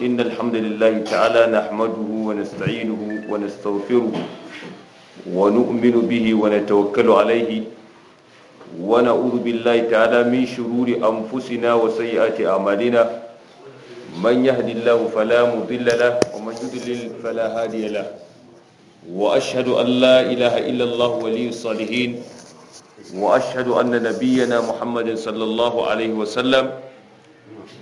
إن الحمد لله تعالى نحمده ونستعينه ونستغفره ونؤمن به ونتوكل عليه ونعوذ بالله تعالى من شرور أنفسنا وسيئات أعمالنا من يهد الله فلا مضل له ومن يضلل فلا هادي له وأشهد أن لا إله إلا الله ولي الصالحين وأشهد أن نبينا محمد صلى الله عليه وسلم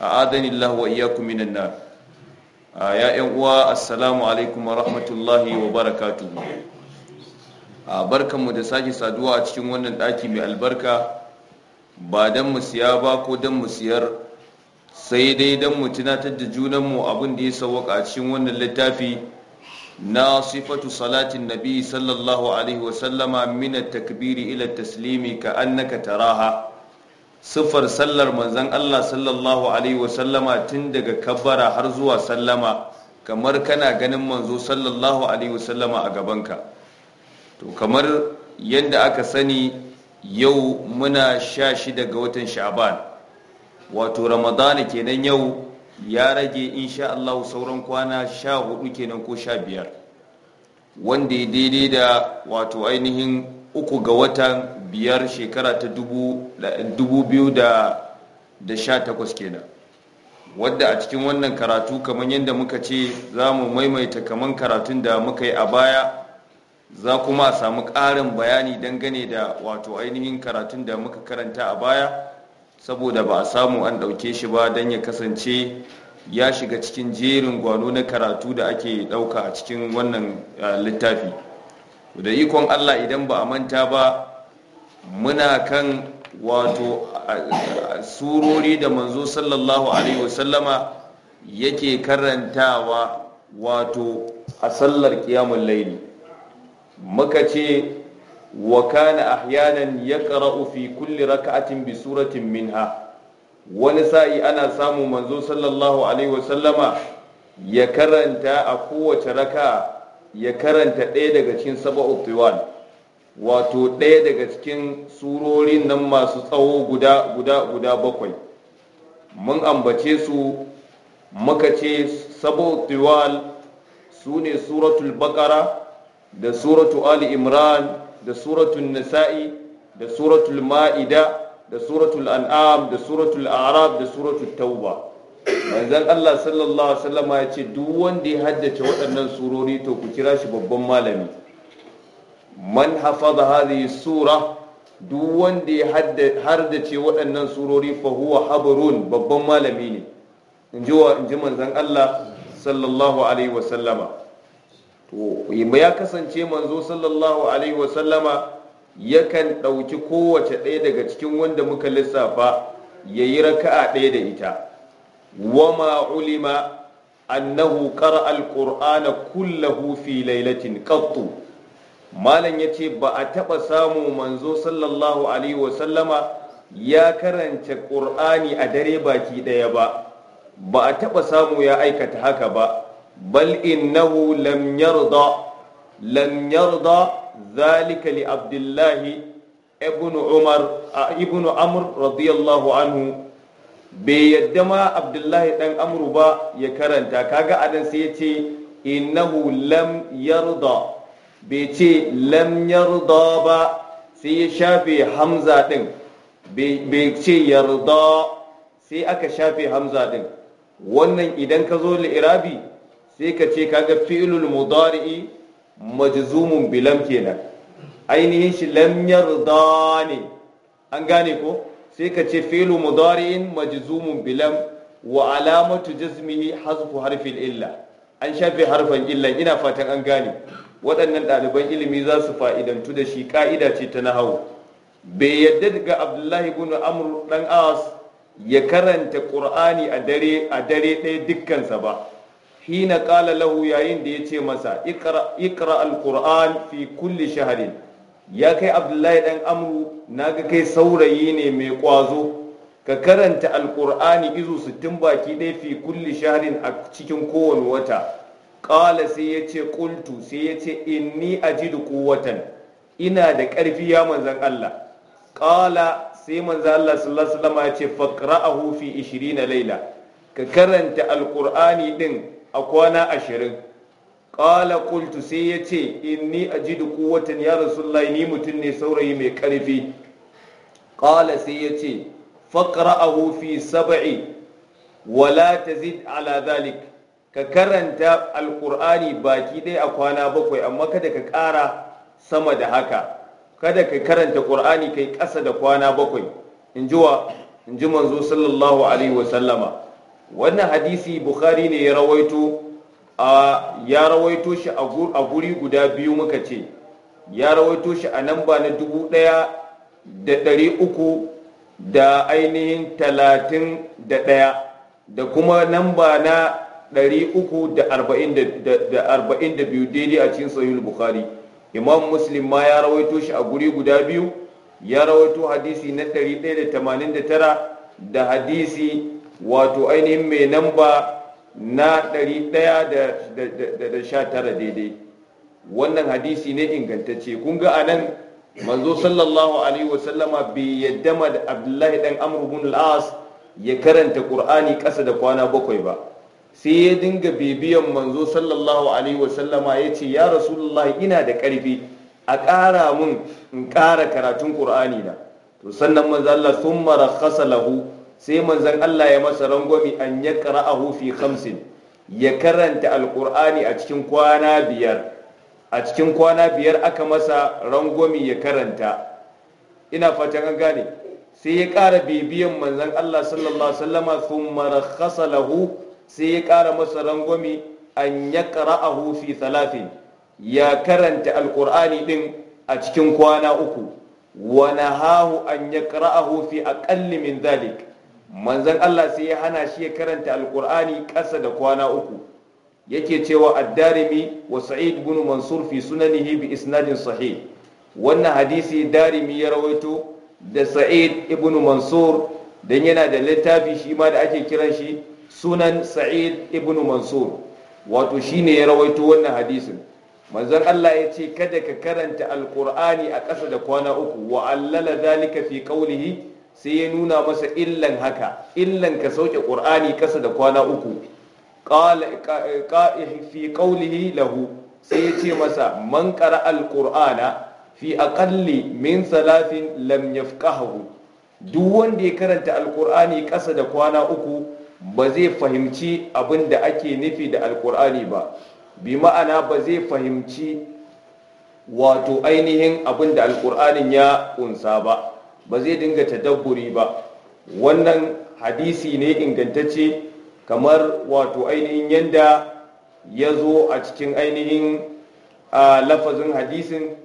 A'a, Allah wa iyyakum minan nar ya 'ya'yan uwa assalamu alaikum wa rahmatullahi wa barkan barkanmu da sake saduwa a cikin wannan ɗaki mai albarka ba dan mu siya ba ko dan mu siyar sai dai dan mu tunatar da junanmu abin da ya sawwaka a cikin wannan littafi na sifatu salatin nabi sallallahu alaihi wa sallama min at-takbiri ila at-taslimi ka annaka taraha siffar sallar manzan Allah sallallahu alaihi wasallama tun daga Kabara har zuwa sallama kamar kana ganin manzo sallallahu alaihi wasallama a gabanka to kamar yadda aka sani yau muna sha shi daga watan Sha'aban wato ramadana kenan yau ya rage insha Allah sauran kwana sha hudu kenan ko sha biyar wanda ya daidai da wato ainihin uku ga watan biyar shekara ta dubu biyu da sha takwas kenan wadda a cikin wannan karatu kamar yadda muka ce za mu maimaita kamar karatun da muka yi a baya za kuma a samu ƙarin bayani dangane da wato ainihin karatun da muka karanta a baya saboda ba a samu an ɗauke shi ba don ya kasance ya shiga cikin jerin gwano na karatu da ake ɗauka a cikin wannan eh, littafi da ikon allah idan ba a manta ba muna kan wato surori da manzo sallallahu alaihi wasallama yake karantawa wato a sallar kiyamun laili muka ce wa kana ahyanan ya ƙara'u fi kulli raka'atin bi suratin minha wani sa'i ana samu manzo sallallahu alaihi wasallama ya karanta a kowace raka'a ya karanta ɗaya daga cikin saba'u tiwal wato ɗaya daga cikin surorin nan masu tsawo guda guda guda bakwai mun ambace su muka ce saba'u tiwal su ne suratul baƙara, da suratul ali imran da suratul nisa'i da suratul ma'ida da suratul an'am da suratul arab da suratul tauba manzon Allah sallallahu alaihi wasallam ya ce duk wanda ya haddace waɗannan surori to ku kira shi babban malami man hafa da hadhihi sura duk wanda ya haddace waɗannan surori fa huwa habrun babban malami ne in ji wa in ji manzon Allah sallallahu alaihi wasallama to ya kasance manzo sallallahu alaihi wasallama yakan ɗauki kowace ɗaya daga cikin wanda muka lissafa ya yi raka'a ɗaya da ita Wama علم annahu قرأ القرآن كله في ليلة قط malam ya ce ba a taɓa samu manzo sallallahu alaihi wasallama ya karanta ƙur'ani a dare baki ɗaya ba ba a taɓa samu ya aikata haka ba bal innahu lam yarda lam zalika li abdullahi ibnu umar ibnu anhu bai yadda ma abdullahi dan amru ba ya karanta kaga anan sai ya ce innahu lam yarda bai ce lam yarda ba sai ya shafe hamza din bai ce yarda sai aka shafe hamza din wannan idan ka zo irabi sai ka ce kaga fi'lul mudari'i majzumun bilam kenan ainihin shi lam yarda ne an gane ko sai ka ce felu mudari'in majzumun bilam wa alamatu jazmihi hazfu harfin illa an shafe harfan illa ina fatan an gane waɗannan ɗaliban ilimi za su fa'idantu da shi ƙa'ida ce ta nahawu bai yadda daga abdullahi ibn amr dan as ya karanta qur'ani a dare a dare ɗaya dukkansa ba hina qala lahu yayin da ya ce masa iqra iqra alquran fi kulli shahrin ya kai abdullahi dan amru ga kai saurayi ne mai ƙwazo. ka karanta alkur'ani izu sittin baki ɗaya fi kulli shahrin a cikin kowane wata ƙala sai ya ce ƙultu sai ya ce inni ajidu watan. ina da ƙarfi ya manzan Allah ƙala sai manzan Allah sallallahu alaihi ya ce a hufi 20 laila ka karanta alkur'ani ɗin a kwana ashirin qala qultu sai yace inni ajidu quwwatan ya rasulullahi ni mutum ne saurayi mai karfi qala sai yace faqra'ahu fi sab'i wala tazid ala dhalik ka karanta alqur'ani baki dai a kwana bakwai amma kada ka ƙara sama da haka kada ka karanta qur'ani kai ƙasa da kwana bakwai ji in ji manzo sallallahu alaihi wa sallama wannan hadisi bukhari ne ya rawaito a ya rawaito shi a guri guda biyu muka ce ya rawaito shi a nan ba na dubu ɗaya da ɗari uku da ainihin talatin da ɗaya da kuma nan ba na ɗari uku da arba'in da biyu daidai a cikin sahihul bukhari imam muslim ma ya rawaito shi a guri guda biyu ya rawaito hadisi na ɗari ɗaya da tamanin da tara da hadisi wato ainihin mai namba na 119 daidai wannan hadisi ne ingantacce kun ga anan manzo sallallahu alaihi wasallama bai yadda ma da abdullahi dan amr al-as ya karanta qur'ani kasa da kwana bakwai ba sai ya dinga bibiyan manzo sallallahu alaihi wasallama ya ce ya rasulullahi ina da karfi a ƙara mun in ƙara karatun qur'ani na to sannan manzo Allah thumma rakhasa lahu sai manzon Allah ya masa rangwami an yaqra'ahu fi khamsin ya karanta alqur'ani a cikin kwana biyar a cikin kwana biyar aka masa rangwami ya karanta ina fatan an gane sai ya ƙara bibiyan manzon Allah sallallahu alaihi wasallama thumma rakhasa lahu sai ya ƙara masa rangwami an yaqra'ahu fi talatin ya karanta alqur'ani ɗin a cikin kwana uku wa nahahu an yaqra'ahu fi aqalli min zalik manzon Allah sai ya hana shi ya karanta alkur'ani ƙasa da kwana uku yake cewa addarimi wa sa'id ibn mansur fi sunanihi bi isnadin sahih wannan hadisi darimi ya rawaito da sa'id ibn mansur dan yana da littafi shi ma da ake kiran shi sunan sa'id ibn mansur wato shine ya rawaito wannan hadisin manzon Allah ya ce kada ka karanta alkur'ani a ƙasa da kwana uku wa allala zalika fi qawlihi sai ya nuna masa illan haka illan ka sauke ƙur'ani ƙasa da kwana uku fi ƙaulihi lahu sai ya ce masa man ƙara alƙur'ana fi aƙalli min salafin lam yafqahu duk wanda ya karanta alƙur'ani ƙasa da kwana uku ba zai fahimci abin da ake nufi da alƙur'ani ba bi ma'ana ba zai fahimci wato ainihin abin da alƙur'anin ya ƙunsa ba ba zai dinga tadabburi ba wannan hadisi ne ingantacce kamar wato ainihin yadda ya zo a cikin ainihin lafazin hadisin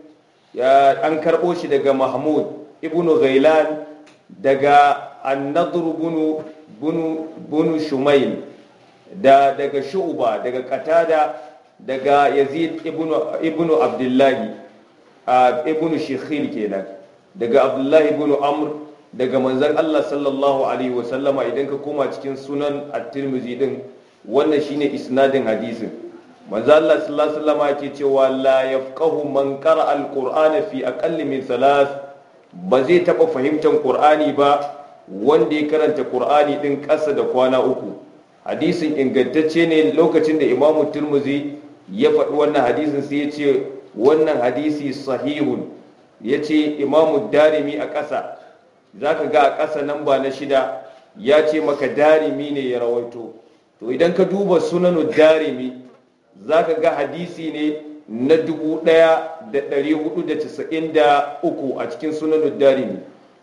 an karɓo shi daga mahmud ibnu ghailan daga annadur bunu shumail da daga shu'uba daga Qatada daga yazid ibnu abdullahi ibnu shikhil kenan daga abdullahi ibn amr daga manzan allah sallallahu alaihi wasallama idan ka koma cikin sunan at-tirmidhi din wannan shine isnadin hadisin manzan allah sallallahu alaihi wasallama yake cewa la yafqahu man qara al-qur'ana fi aqalli min thalath ba zai taba fahimtar qur'ani ba wanda ya karanta qur'ani din ƙasa da kwana uku hadisin ingantacce ne lokacin da imamu tirmidhi ya faɗi wannan hadisin sai ya ce wannan hadisi sahihun ya ce imamu darimi a ƙasa za ka ga a ƙasa nan ba na shida ya ce maka darimi ne ya rawaito to idan ka duba sunanu darimi za ka ga hadisi ne na 1493 a cikin sunanu darimi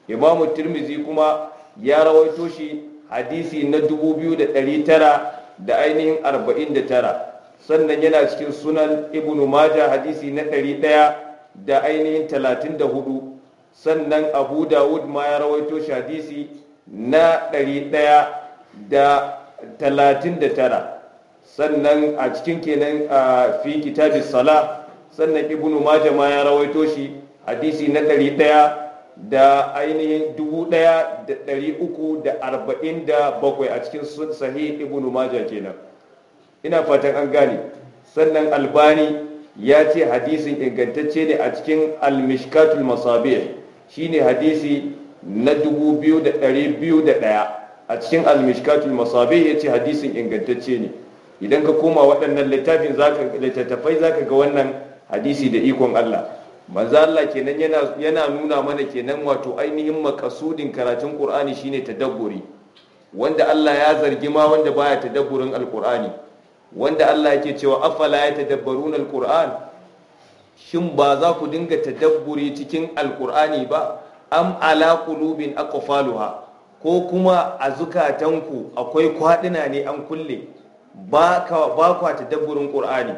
imamu tirmizi kuma ya rawaito shi hadisi na 2900 da ainihin 49 sannan yana cikin sunan ibnu maja hadisi na ɗaya. da ainihin talatin da hudu sannan abu dawud ma ya rawaito shadisi hadisi na ɗari ɗaya da talatin da tara sannan a cikin kenan a fi kitabi sala sannan ibnu maja ma ya rawaito shi hadisi na ɗari ɗaya da ainihin dubu ɗaya da ɗari uku da arba'in da bakwai a cikin sahih ibnu maja kenan ina fatan an gane sannan albani ya ce hadisin ingantacce ne a cikin almishkatul masabih shine hadisi na 2201 a cikin almishkatul masabih ya ce hadisin ingantacce ne idan ka koma waɗannan littafin littattafai zaka ga wannan hadisi da ikon Allah manzo Allah kenan yana nuna mana kenan wato ainihin makasudin karatun Qur'ani shine tadabburi wanda Allah ya zargi ma wanda baya tadabburin alqur'ani wanda Allah yake cewa afala ya tadabbarun alquran shin ba za ku dinga tadabburi cikin alqurani ba am ala qulubin aqfaluha ko kuma a zukatanku akwai kwaduna ne an kulle ba ka ba ku tadabburin qur'ani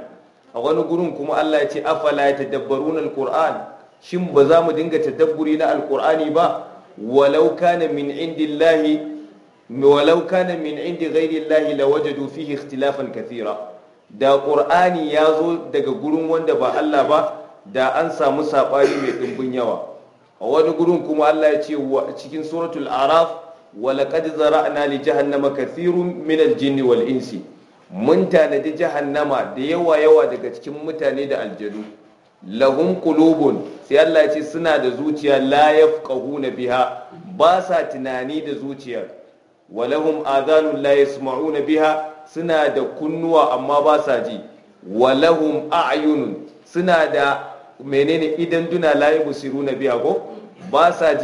a wani gurin kuma Allah ya ce afala ya tadabbarun alquran shin ba za mu dinga tadabburi na alqurani ba walau kana min indillahi walau kana min indi ghairi llahi lawajadu fihi ikhtilafan kathira da qur'ani ya zo daga gurin wanda ba Allah ba da an samu saɓari mai ɗumbin yawa a wani gurin kuma Allah ya ce cikin suratul araf wa laqad zara'na li jahannama kathirun min al-jinni wal insi mun tanadi jahannama da yawa yawa daga cikin mutane da aljanu lahum qulubun sai Allah ya ce suna da zuciya la yafqahuna biha ba sa tunani da zuciyar walahum adhanun la yasma'una biha suna da kunnuwa amma ba sa ji walahum a'yunun suna da menene idan duna la yubsiruna biha ko ba sa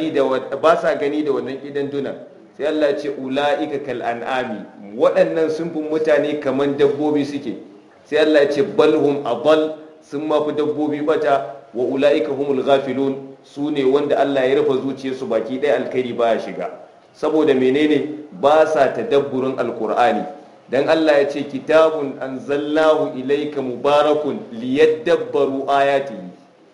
ba sa gani da wannan idan duna sai Allah ya ce ulaika kal an'ami waɗannan sunfin mutane kaman dabbobi suke sai Allah ya ce balhum adall sun mafi dabbobi bata wa ula'ika humul ghafilun su ne wanda Allah ya rufe zuciyarsu baki ɗaya alkhairi baya shiga saboda menene ba sa tadabburin alkur'ani don Allah ya ce kitabun anzallahu ilaika mubarakun liyadabbaru ayati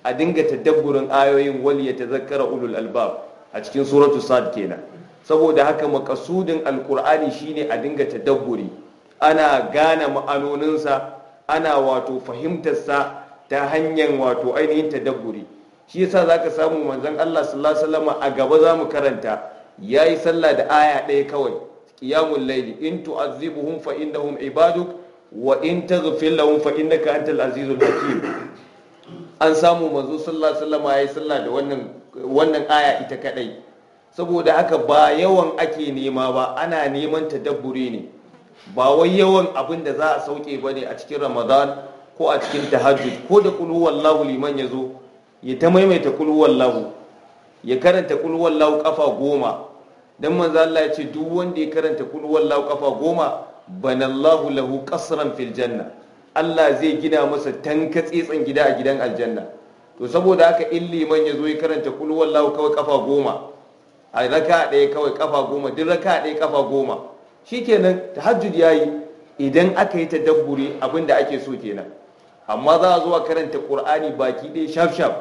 a dinga tadabburin ayoyin ta zakara ulul albab a cikin suratu sad kenan saboda haka makasudin alkur'ani shine a dinga tadabburi ana gane ma'anoninsa ana wato fahimtarsa ta hanyar wato ainihin tadabburi shi yasa zaka samu manzon Allah sallallahu alaihi wasallam a gaba za mu karanta Ya yi sallah da aya ɗaya kawai qiyamul layli in tu'azzibuhum fa innahum ibaduk wa in taghfir lahum fa innaka antal azizul hakim an samu manzo sallallahu alaihi wasallam yayi sallah da wannan aya ita kadai saboda haka ba yawan ake nema ba ana neman tadabburi ne ba wai yawan abin da za a sauke ba ne a cikin ramadan ko a cikin tahajjud ko da kulu wallahu liman ya zo ya ta maimaita kulu wallahu ya karanta kulu wallahu kafa goma dan manzo Allah ya ce duk wanda ya karanta kul wallahu kafa goma banallahu lahu qasran fil janna Allah zai gina masa tanka tsitsan gida a gidan aljanna to saboda haka in man ya zo ya karanta kul wallahu kawai kafa goma a raka ɗaya kawai kafa goma duk raka ɗaya kafa goma shikenan tahajjud yayi idan aka yi tadabburi abinda ake so kenan amma za a zuwa karanta qur'ani baki ɗaya shaf shaf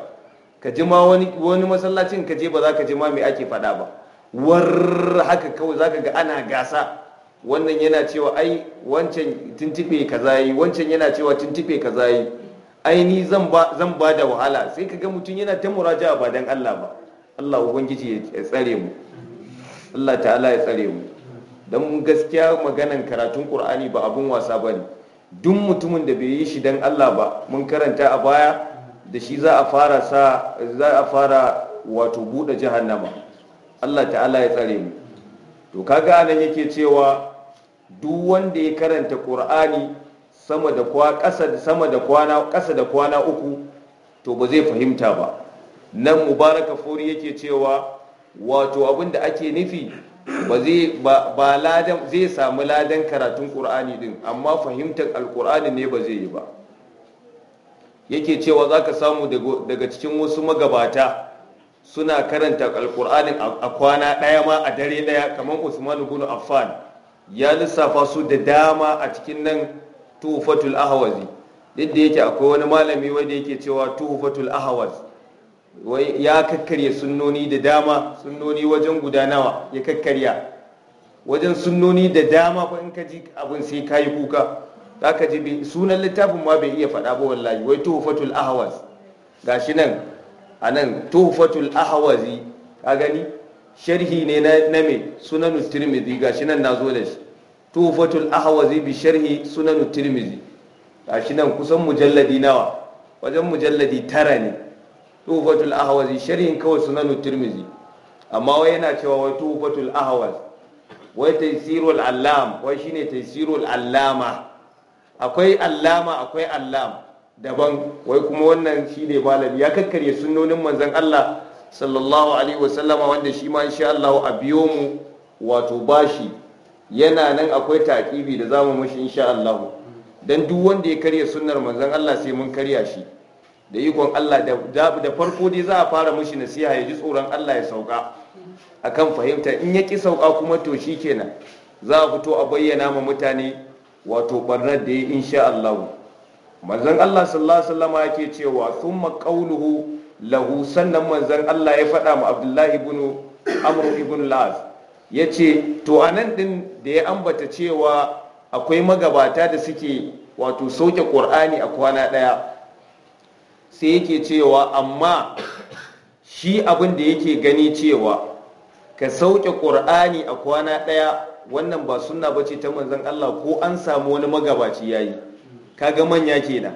ka ji ma wani masallacin ka je ba za ka ji ma me ake faɗa ba war haka kawai zaka ga ana gasa wannan yana cewa ai wancan tuntube ka yi wancan yana cewa tuntube ka yi ai ni zan ba da wahala sai ka ga mutum yana ta muraja ba dan Allah ba Allah ubangiji ya tsare mu Allah ta'ala ya tsare mu don gaskiya maganan karatun Qur'ani ba abun wasa ba ne duk mutumin da bai yi shi dan Allah ba mun karanta a baya da shi za a fara sa za a fara wato bude jahannama Allah ta'ala ya tsare mu to kaga nan yake cewa duk wanda ya karanta Qur'ani sama da kwa ƙasa sama da kwana ƙasa da kwana uku to ba zai fahimta ba nan mubaraka furi yake cewa wato abinda ake nufi ba zai ba ladan zai samu ladan karatun Qur'ani din amma fahimtar alkur'ani ne ba zai yi ba yake cewa zaka samu daga cikin wasu magabata suna karanta alkur'anin a kwana ɗaya ma a dare ɗaya kamar usman ibn affan ya lissafa su da dama a cikin nan tuhufatul ahawazi duk da yake akwai wani malami wanda yake cewa tuhufatul ahawaz ya kakkarya sunnoni da dama sunnoni wajen guda nawa ya kakkarya wajen sunnoni da dama ko in ka ji abin sai ka yi kuka za ka ji sunan littafin ma bai iya faɗa ba wallahi wai tuhufatul ahwaz gashi nan a nan tufatul wazi ka gani sharhi ne na me sunanu tirmidhi shi nan nazo da shi tuhfatul ahawazi bi sharhi sunanu tirmidhi shi nan kusan mujalladi nawa wajen mujalladi tara ne tuhfatul ahawazi sharhin kawai sunanu tirmidhi amma wai yana cewa wai tuhfatul ahwaz wai taysirul allam wai shine taysirul allama akwai allama akwai allama daban wai kuma wannan shi ne malami ya karkarya sunnonin manzon Allah sallallahu alaihi wasallama wanda shi ma insha Allah a biyo mu wato bashi yana nan akwai takibi da zamu mushi insha Allah dan duk wanda ya karya sunnar manzon Allah sai mun karya shi da ikon Allah da farko dai za a fara mushi nasiha ya ji tsoron Allah ya sauka akan fahimta in ya ki sauka kuma to shikenan za a fito a bayyana ma mutane wato barnar da ya insha Allah manzon Allah sallallahu alaihi wasallam yake cewa thumma qawluhu lahu sannan manzon Allah ya faɗa ma Abdullahi ibn Amr ibn Laz yace to anan din da ya ambata cewa akwai magabata da suke wato sauke Qur'ani a kwana ɗaya sai yake cewa amma shi abin da yake gani cewa ka sauke ƙur'ani a kwana ɗaya wannan ba sunna bace ta manzon Allah ko an samu wani magabaci yayi kaga manya kenan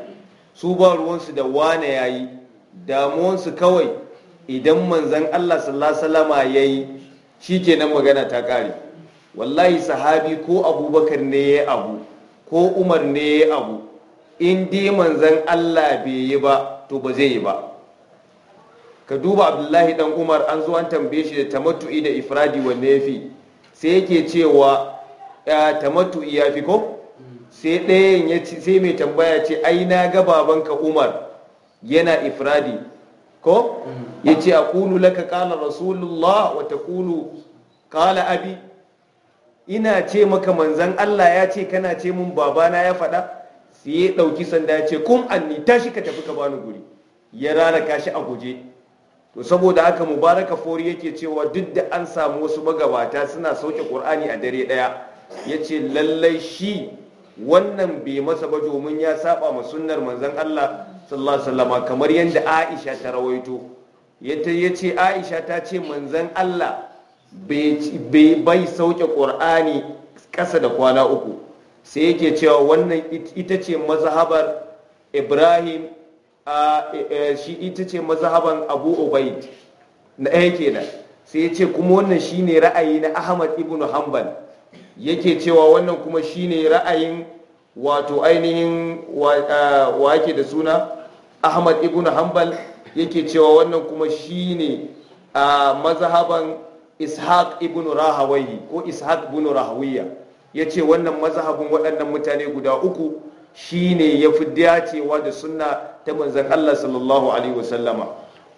su ba ruwansu da wane yi, damuwansu kawai idan manzan Allah sallallahu salama ya yi shi kenan magana ta kare wallahi sahabi ko abubakar ne ya abu ko umar ne ya abu in dai manzan Allah bai yi ba to ba zai yi ba ka duba abdullahi dan umar an zo an tambaye shi da tamattu'i da ifradi wanne ya fi sai yake cewa tamattu'i ya fi ko sai ɗayan ya ce sai mai tambaya ce ai na ga babanka umar yana ifradi ko mm-hmm. ya ce a kulu laka kala rasulullah wata kulu kala abi ina ce maka manzan allah ya ce kana ce mun babana ya faɗa sai ya ɗauki sanda ya ce kum anni tashi ka tafi ka bani guri ya rana kashi a guje to saboda haka mubaraka fori yake cewa duk da an samu wasu magabata suna sauke qur'ani a dare daya yace lallai shi wannan bai masa ba domin ya saba ma sunnar manzon Allah sallallahu alaihi wasallam kamar yadda Aisha ta rawaito yata yace Aisha ta ce manzon Allah bai bai sauke Qur'ani kasa da kwana uku sai yake cewa wannan ita ce mazhabar Ibrahim e, e, shi ita ce mazhaban Abu Ubaid na yake kenan sai yace kuma wannan shine ra'ayi na Ahmad ibn Hanbal yake cewa wannan kuma shine ra'ayin wato ainihin wa yake da suna ahmad ibn hanbal yake cewa wannan kuma shine a mazhaban ishaq ibn rahawayi ko ishaq ibn rahawiya ya ce wannan mazhabin waɗannan mutane guda uku shine ya fi dacewa da sunna ta manzan allah sallallahu alaihi wasallama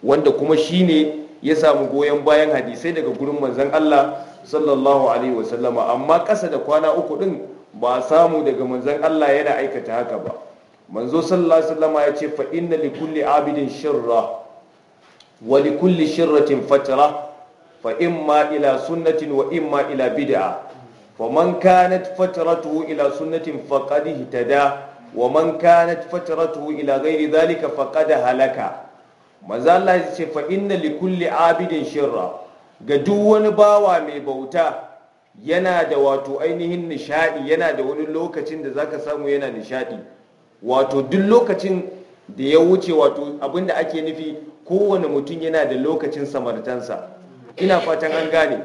wanda kuma shine ya samu goyon bayan hadisai daga gurin manzan Allah sallallahu alaihi wasallama amma ƙasa da kwana uku ɗin ba samu daga manzan Allah yana aikata haka ba manzo sallallahu alaihi wasallama ya ce fa inna likulli kulli abidin shirra wa likulli shirratin fatara, fa imma ila sunnatin wa imma ila bid'a فمن كانت فترته إلى سنة فقد اهتدى ومن كانت فترته إلى غير ذلك فقد هلك maza Allah ya ce fa inna li kulli abidin shirra ga duk wani bawa mai bauta yana da wato ainihin nishadi yana da wani lokacin da zaka samu yana nishadi wato duk lokacin da ya wuce wato abinda ake nufi kowane mutum yana da lokacin samartansa ina fatan an gane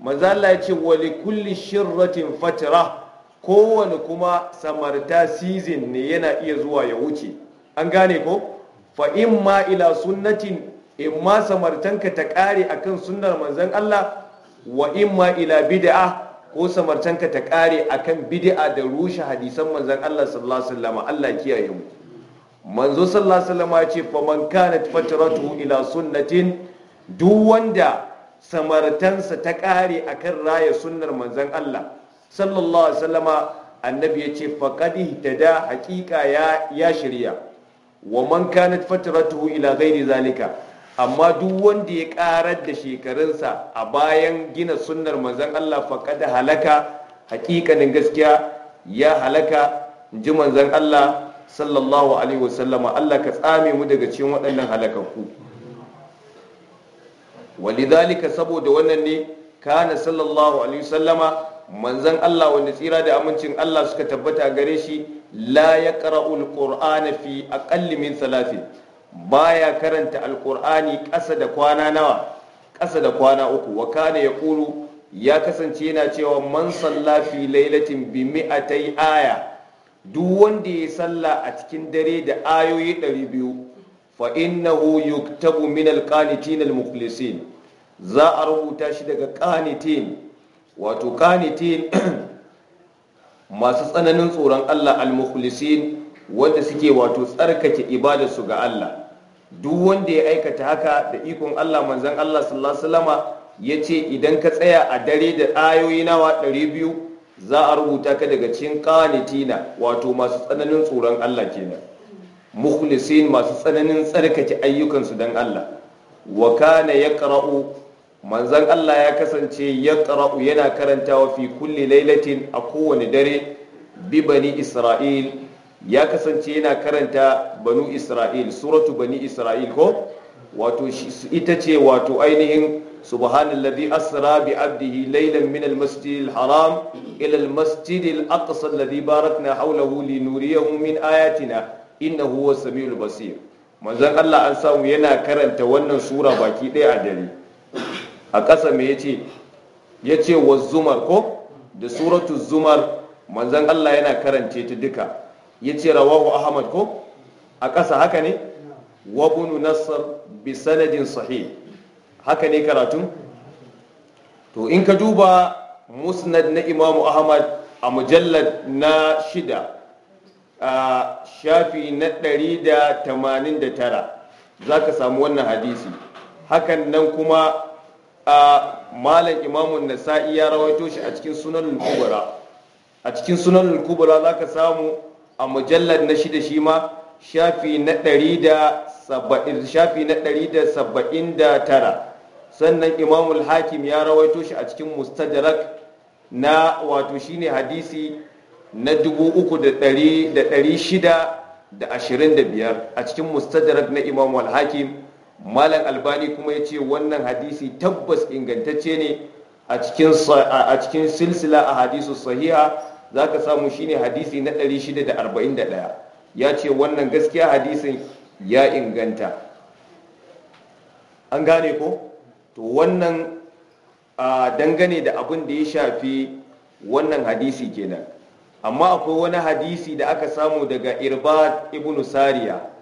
maza Allah ya ce wa li kulli shirratin fatra kowane kuma samarta season ne yana iya zuwa ya wuce an gane ko fa in ma ila sunnatin in ma samartanka ta kare akan sunnar Manzan Allah wa in ma ila bid'a ko samartanka ta kare akan bid'a da rushe hadisan Manzan Allah sallallahu alaihi wasallam Allah kiyaye mu manzo sallallahu alaihi wasallam ce fa man kanat fatratuhu ila sunnatin duk wanda samartansa ta kare akan raya sunnar Manzan Allah sallallahu alaihi wasallama annabi ya ce faqad ihtada haqiqa ya ya shirya wa man kanat fatratuhu ila ghairi zalika amma duk wanda ya karar da shekarunsa a bayan gina sunnar manzon Allah faqad halaka hakikanin gaskiya ya halaka ji manzon Allah sallallahu alaihi wasallama Allah ka tsame mu daga cikin waɗannan halakakku walidhalika saboda wannan ne kana sallallahu alaihi wasallama manzan Allah wanda tsira da amincin Allah suka tabbata gare shi la ya qara'ul qur'ana fi aqalli min Ba ya karanta alƙur'ani ƙasa da kwana nawa ƙasa da kwana uku wa ya yaqulu ya kasance yana cewa man sallafi lailatin bi mi'atai aya duk wanda ya salla a cikin dare da ayoyi biyu fa innahu yuktabu min alqanitin almukhlisin za a rubuta shi daga ƙanitin. wato kanitin masu tsananin tsoron Allah al-mukhlisin wanda suke wato tsarkake ibadarsu ga Allah duk wanda ya aikata haka da ikon Allah manzon Allah sallallahu alaihi wasallama yace idan ka tsaya a dare da ayoyi nawa 200 za a rubuta ka daga cikin kanitina wato masu tsananin tsoron Allah kenan mukhlisin masu tsananin tsarkake ayyukansu dan Allah wa kana yaqra'u manzan Allah ya kasance ya ƙara'u yana karantawa fi kulli lailatin a kowane dare bi bani isra'il ya kasance yana karanta banu isra'il suratu bani isra'il ko wato ita ce wato ainihin subhanallazi asra bi abdihi laylan min almasjidil haram ila almasjidil aqsa alladhi barakna hawlahu linuriyahu min ayatina innahu huwa samiul basir manzan Allah an samu yana karanta wannan sura baki ɗaya a dare a ƙasa me yace yace wa zumar ko da suratu zumar manzon Allah yana karance ta duka yace rawahu ahmad ko a ƙasa haka ne wa bunu nasr bi sanadin sahih haka ne karatun to in ka duba musnad na imamu ahmad a mujallar na shida a shafi na ɗari da 189 za ka samu wannan hadisi hakan nan kuma a malam imamun nasa'i ya rawaito shi a cikin sunan kubra a cikin sunan kubra zaka samu a mujallar na shida shi ma shafi na ɗari da shafi na ɗari da saba'in da tara sannan imamul hakim ya rawaito shi a cikin mustadrak na wato shine hadisi na dubu uku da ɗari da ɗari shida da ashirin da biyar a cikin mustadrak na imamul hakim malam albani kuma ya ce wannan hadisi tabbas ingantacce ne a cikin silsila a hadisu sahiha za ka samu shine hadisi na 641 ya ce wannan gaskiya hadisin ya inganta an gane ko to wannan dangane da abin da ya shafi wannan hadisi kenan amma akwai wani hadisi da aka samu daga Irbat ibn sariya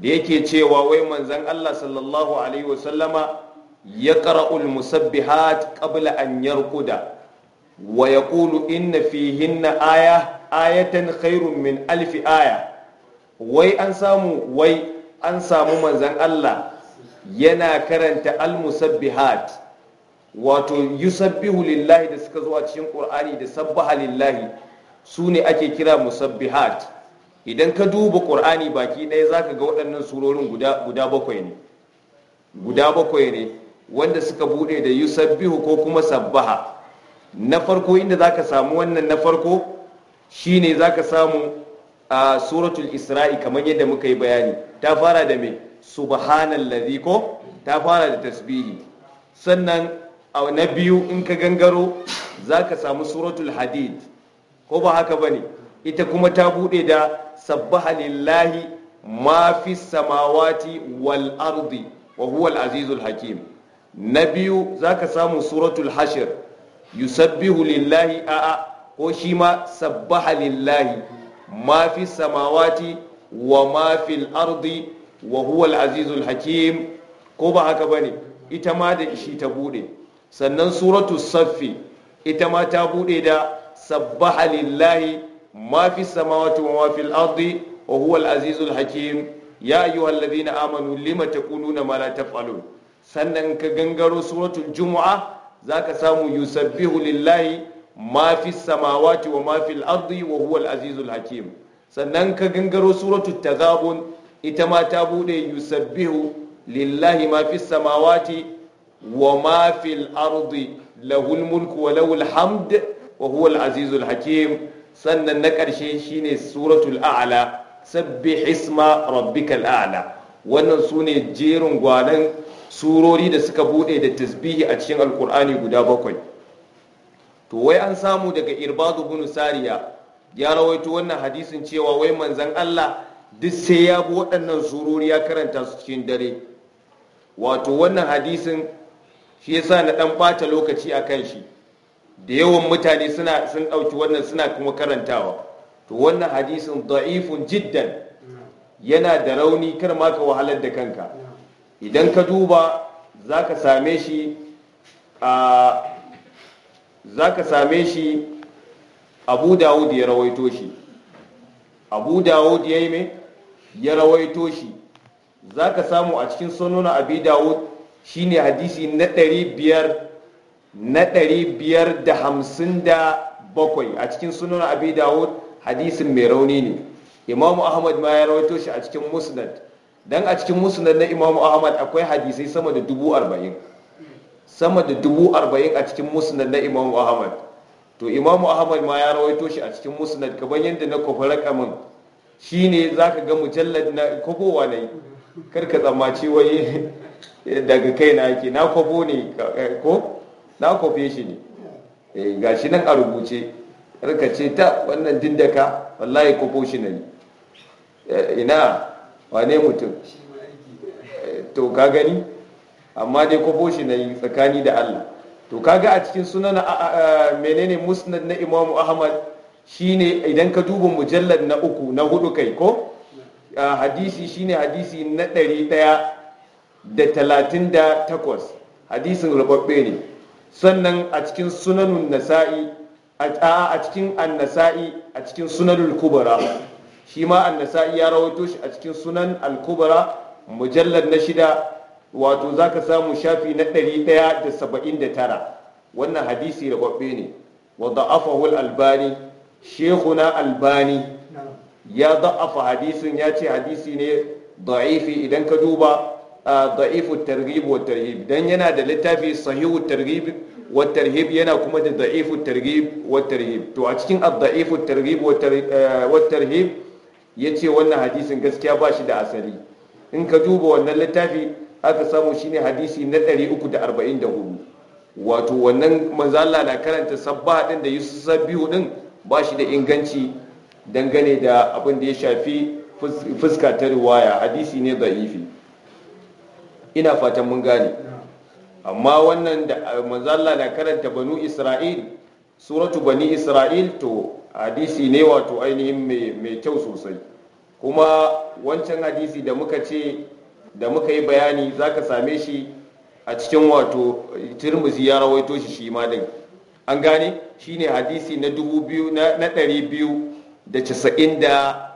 da yake cewa wai manzan Allah sallallahu alaihi wasallama ya qara'ul musabbihat qabla an yarquda wa ƙulu inna fihinna aya ayatan khairun min alfi aya wai an samu wai an samu manzan Allah yana karanta al-musabbihat wato yusabbihu lillahi da suka zo a cikin ƙur'ani da sabbaha lillahi su ne ake kira musabbihat idan ka duba ƙur'ani baki ɗaya za ka ga waɗannan surorin guda bakwai ne guda bakwai ne wanda suka buɗe da yusabbihu ko kuma sabbaha na farko inda za ka samu wannan na farko shine za ka samu a suratul isra'i kamar yadda muka yi bayani ta fara da mai subhanallazi ko ta fara da tasbihi sannan a na biyu in ka gangaro za ka samu suratul hadid ko ba haka ba ne ita kuma ta buɗe da sabbaha lillahi ma fi samawati wal ardi wa huwa al hakim na biyu zaka samu suratul hashir yusabbihu lillahi a'a ko shi ma sabbaha lillahi ma fi samawati wa ma fil wa huwa al hakim ko ba haka bane ita ma da shi ta bude sannan suratu saffi ita ma ta bude da sabbaha lillahi ما في السماوات وما في الأرض وهو العزيز الحكيم يا أيها الذين آمنوا لما تقولون ما لا تفعلون sannan ka gangaro suratul juma'a ka samu yusabbihu lillahi ma fi samawati wa ma fil ardi wa huwa al azizul hakim sannan ka gangaro suratul taghabun ita ma ta bude yusabbihu lillahi ma fi samawati wa ma fil ardi lahul mulku wa lahul hamd wa huwa al azizul hakim sannan na ƙarshe shine suratul a'la sabbi hisma rabbikal a'la wannan su ne jerin gwanan surori da suka bude da tasbihi a cikin alkur'ani guda bakwai to wai an samu daga irbadu bin sariya ya rawaito wannan hadisin cewa wai manzan Allah duk sai ya bi waɗannan surori ya karanta su cikin dare wato wannan hadisin shi yasa na dan bata lokaci a kan shi da yawan mutane sun ɗauki wannan suna kuma karantawa to wannan hadisin da'ifun jiddan yana da rauni kar ma ka wahalar da kanka idan ka duba za ka same shi a abu dawud ya rawaito shi abu dawud ya yi mai ya rawaito shi za ka samu a cikin sununa abi dawud shine hadisi na biyar. na 557 a cikin sunan abi dawud hadisin mai rauni ne imamu ahmad ma ya rawaito shi a cikin musnad dan a cikin musnad na imamu ahmad akwai hadisai sama da dubu arba'in sama da dubu arba'in a cikin musnad na imamu ahmad to imamu ahmad ma ya rawaito shi a cikin musnad kamar yadda na Shi ne za ka ga mujallad na kofowa ne karka tsammaci wai daga kai na ake na kwabo ne eh, ko na kofe shi ne eh, ga shi nan a rubuce rika ce ta wannan dindaka wallahi kofo shi ne eh, ina wane mutum eh, to ka gani amma dai kofo shi ne tsakani da Allah to kaga a cikin sunan menene musnad na imamu Ahmad shine idan ka duba mujallar na uku na hudu kai ko hadisi shine hadisi na ɗari ɗaya da talatin da takwas hadisin rubabbe ne sannan a cikin sunanun nasa'i a cikin annasa'i a cikin sunanul shi ma annasa'i ya rawato shi a cikin sunan al-kubra mujallar na shida wato zaka samu shafi na 179 wannan hadisi rababbe ne wa da'afahu al-albani shekuna albani ya za'afa hadisin ya ce hadisi ne da'ifi idan ka duba da'ifu targhib wa tarhib dan yana da littafi sahihu targhib wa tarhib yana kuma da da'ifu targhib wa tarhib to a cikin ad-da'ifu targhib wa eh, tarhib yace wannan hadisin gaskiya ba shi da asali in ka duba wannan littafi aka samu shine hadisi na 344 wato wannan manzo na karanta sabba din da yusabbihu din ba shi da inganci dangane da abin da ya shafi fuska ta riwaya hadisi ne da'ifi ina fatan mun gane amma wannan da ah, manzalla na karanta banu isra'il suratu bani isra'il to hadisi ne wato ainihin mai kyau sosai kuma wancan hadisi da muka ce da muka yi bayani za ka same shi a cikin wato turmuzi ya rawaito shi shi ma an gane Shi ne hadisi na 292 biyu da casa'in da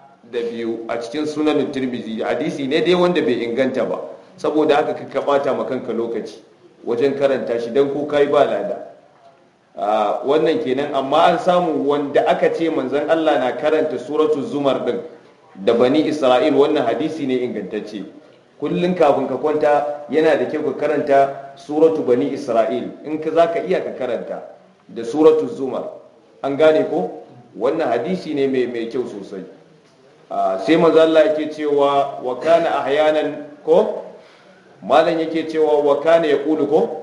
a cikin sunanin turmuzi hadisi ne dai wanda bai inganta ba saboda haka ka bata ma kanka lokaci wajen karanta shi don ko kai ba lada wannan kenan amma an samu wanda aka ce manzon Allah na karanta suratul zumar din da bani isra'il wannan hadisi ne ingantacce kullum kafin ka kwanta yana da kyau ka karanta suratu bani isra'il in ka zaka iya ka karanta da suratu zumar an gane ko wannan hadisi ne mai kyau sosai sai manzon Allah yake cewa wa kana ahyanan ko malam yake cewa wa kana yaqulu ko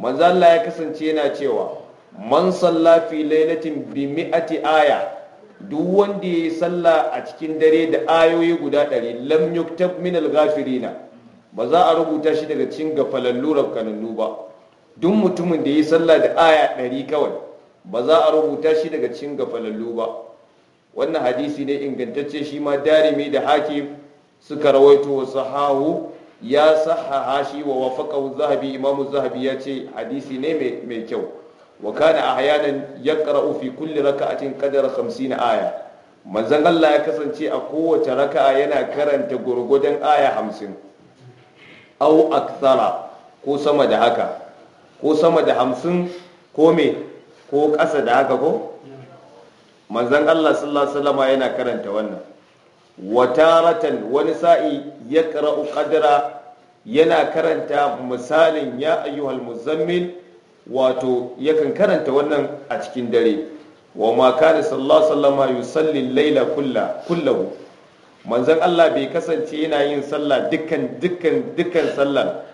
manzo ya kasance yana cewa man salla fi lailatin bi mi'ati aya duk wanda yayi sallah a cikin dare da ayoyi guda ɗari, lam yuktab min al-ghafirina ba za a rubuta shi daga cikin gafalallu rabkanannu ba duk mutumin da yayi sallah da aya ɗari kawai ba za a rubuta shi daga cikin gafalallu ba wannan hadisi ne ingantacce shi ma darimi da hakim suka rawaito wa sahahu ya sahaha shi wa wafaqahu zahabi imam zahabi ya ce hadisi ne mai kyau wa kana ahyanan yaqra'u fi kulli raka'atin qadara 50 aya manzon Allah ya kasance a kowace raka'a yana karanta gurgudan aya 50 au akthara ko sama da haka ko sama da hamsin ko me ko ƙasa da haka ko Manzan Allah sallallahu alaihi wasallama yana karanta wannan wataratan wani sa'i ya ƙara'u ƙadira yana karanta misalin ya ayyuhal muzammil wato yakan karanta wannan a cikin dare wa ma kana sallallahu sallama yusallin laila kullahu manzon Allah bai kasance yana yin sallah dukkan dukkan dukkan sallah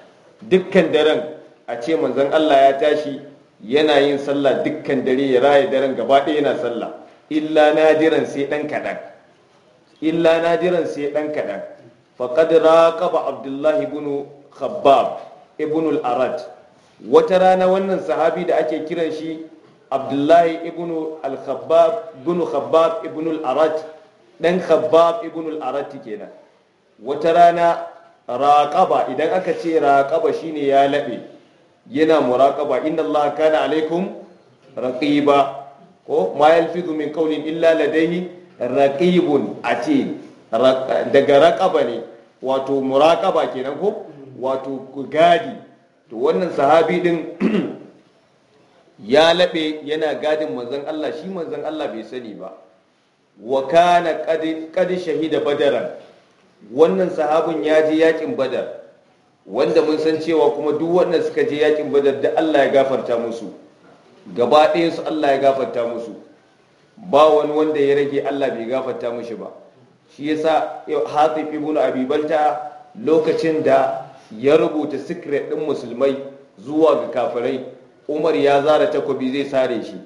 dukkan daren a ce manzon Allah ya tashi yana yin sallah dukkan dare ya raye daren gaba ɗaya yana sallah illa nadiran sai ɗan kaɗan illa nadiran sai dan kadan faqad raqaba abdullahi ibn khabbab ibn al-arad wata rana wannan sahabi da ake kiran shi abdullahi ibn al-khabbab ibn khabbab ibn al-arad dan khabbab ibn al-arad kenan wata rana raqaba idan aka ce raqaba shine ya labe yana muraqaba inna allaha kana alaikum raqiba ko ma yalfizu min qawlin illa ladayhi raqibun ce daga raqaba ne wato muraqaba kenan ko wato gadi to wannan sahabi din ya laɓe yana gadin manzon Allah shi manzon Allah bai sani ba wa kana qad shahida badaran wannan sahabin ya je yakin badar wanda mun san cewa kuma duk wanda suka je yaƙin badar da Allah ya gafarta musu gaba ɗayan su Allah ya gafarta musu ba wani wanda ya rage Allah bai gafarta mishi ba shi yasa Hatib ibn Abi Balta lokacin da ya rubuta secret din musulmai zuwa ga kafirai Umar ya zara takobi zai sare shi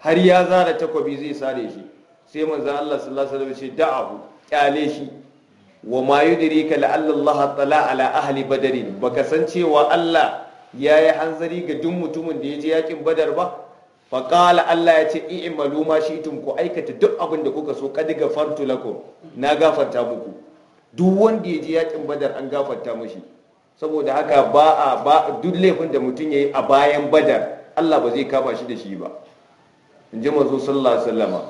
har ya zara takobi zai sare shi sai manzo Allah sallallahu alaihi wasallam ce da'ahu kyale shi wa ma ka la'alla Allah tala ala ahli badr baka san cewa Allah yayi hanzari ga duk mutumin da ya je yakin badar ba faƙala Allah ya ce i'in maluma shi tun ku aikata duk abin da kuka so kadi gafartu lakum na gafarta muku duk wanda ya ji yakin badar an gafarta mashi saboda haka ba a ba duk laifin da mutum ya yi a bayan badar Allah ba zai kafa shi da shi ba in ji manzo sallallahu alaihi wasallama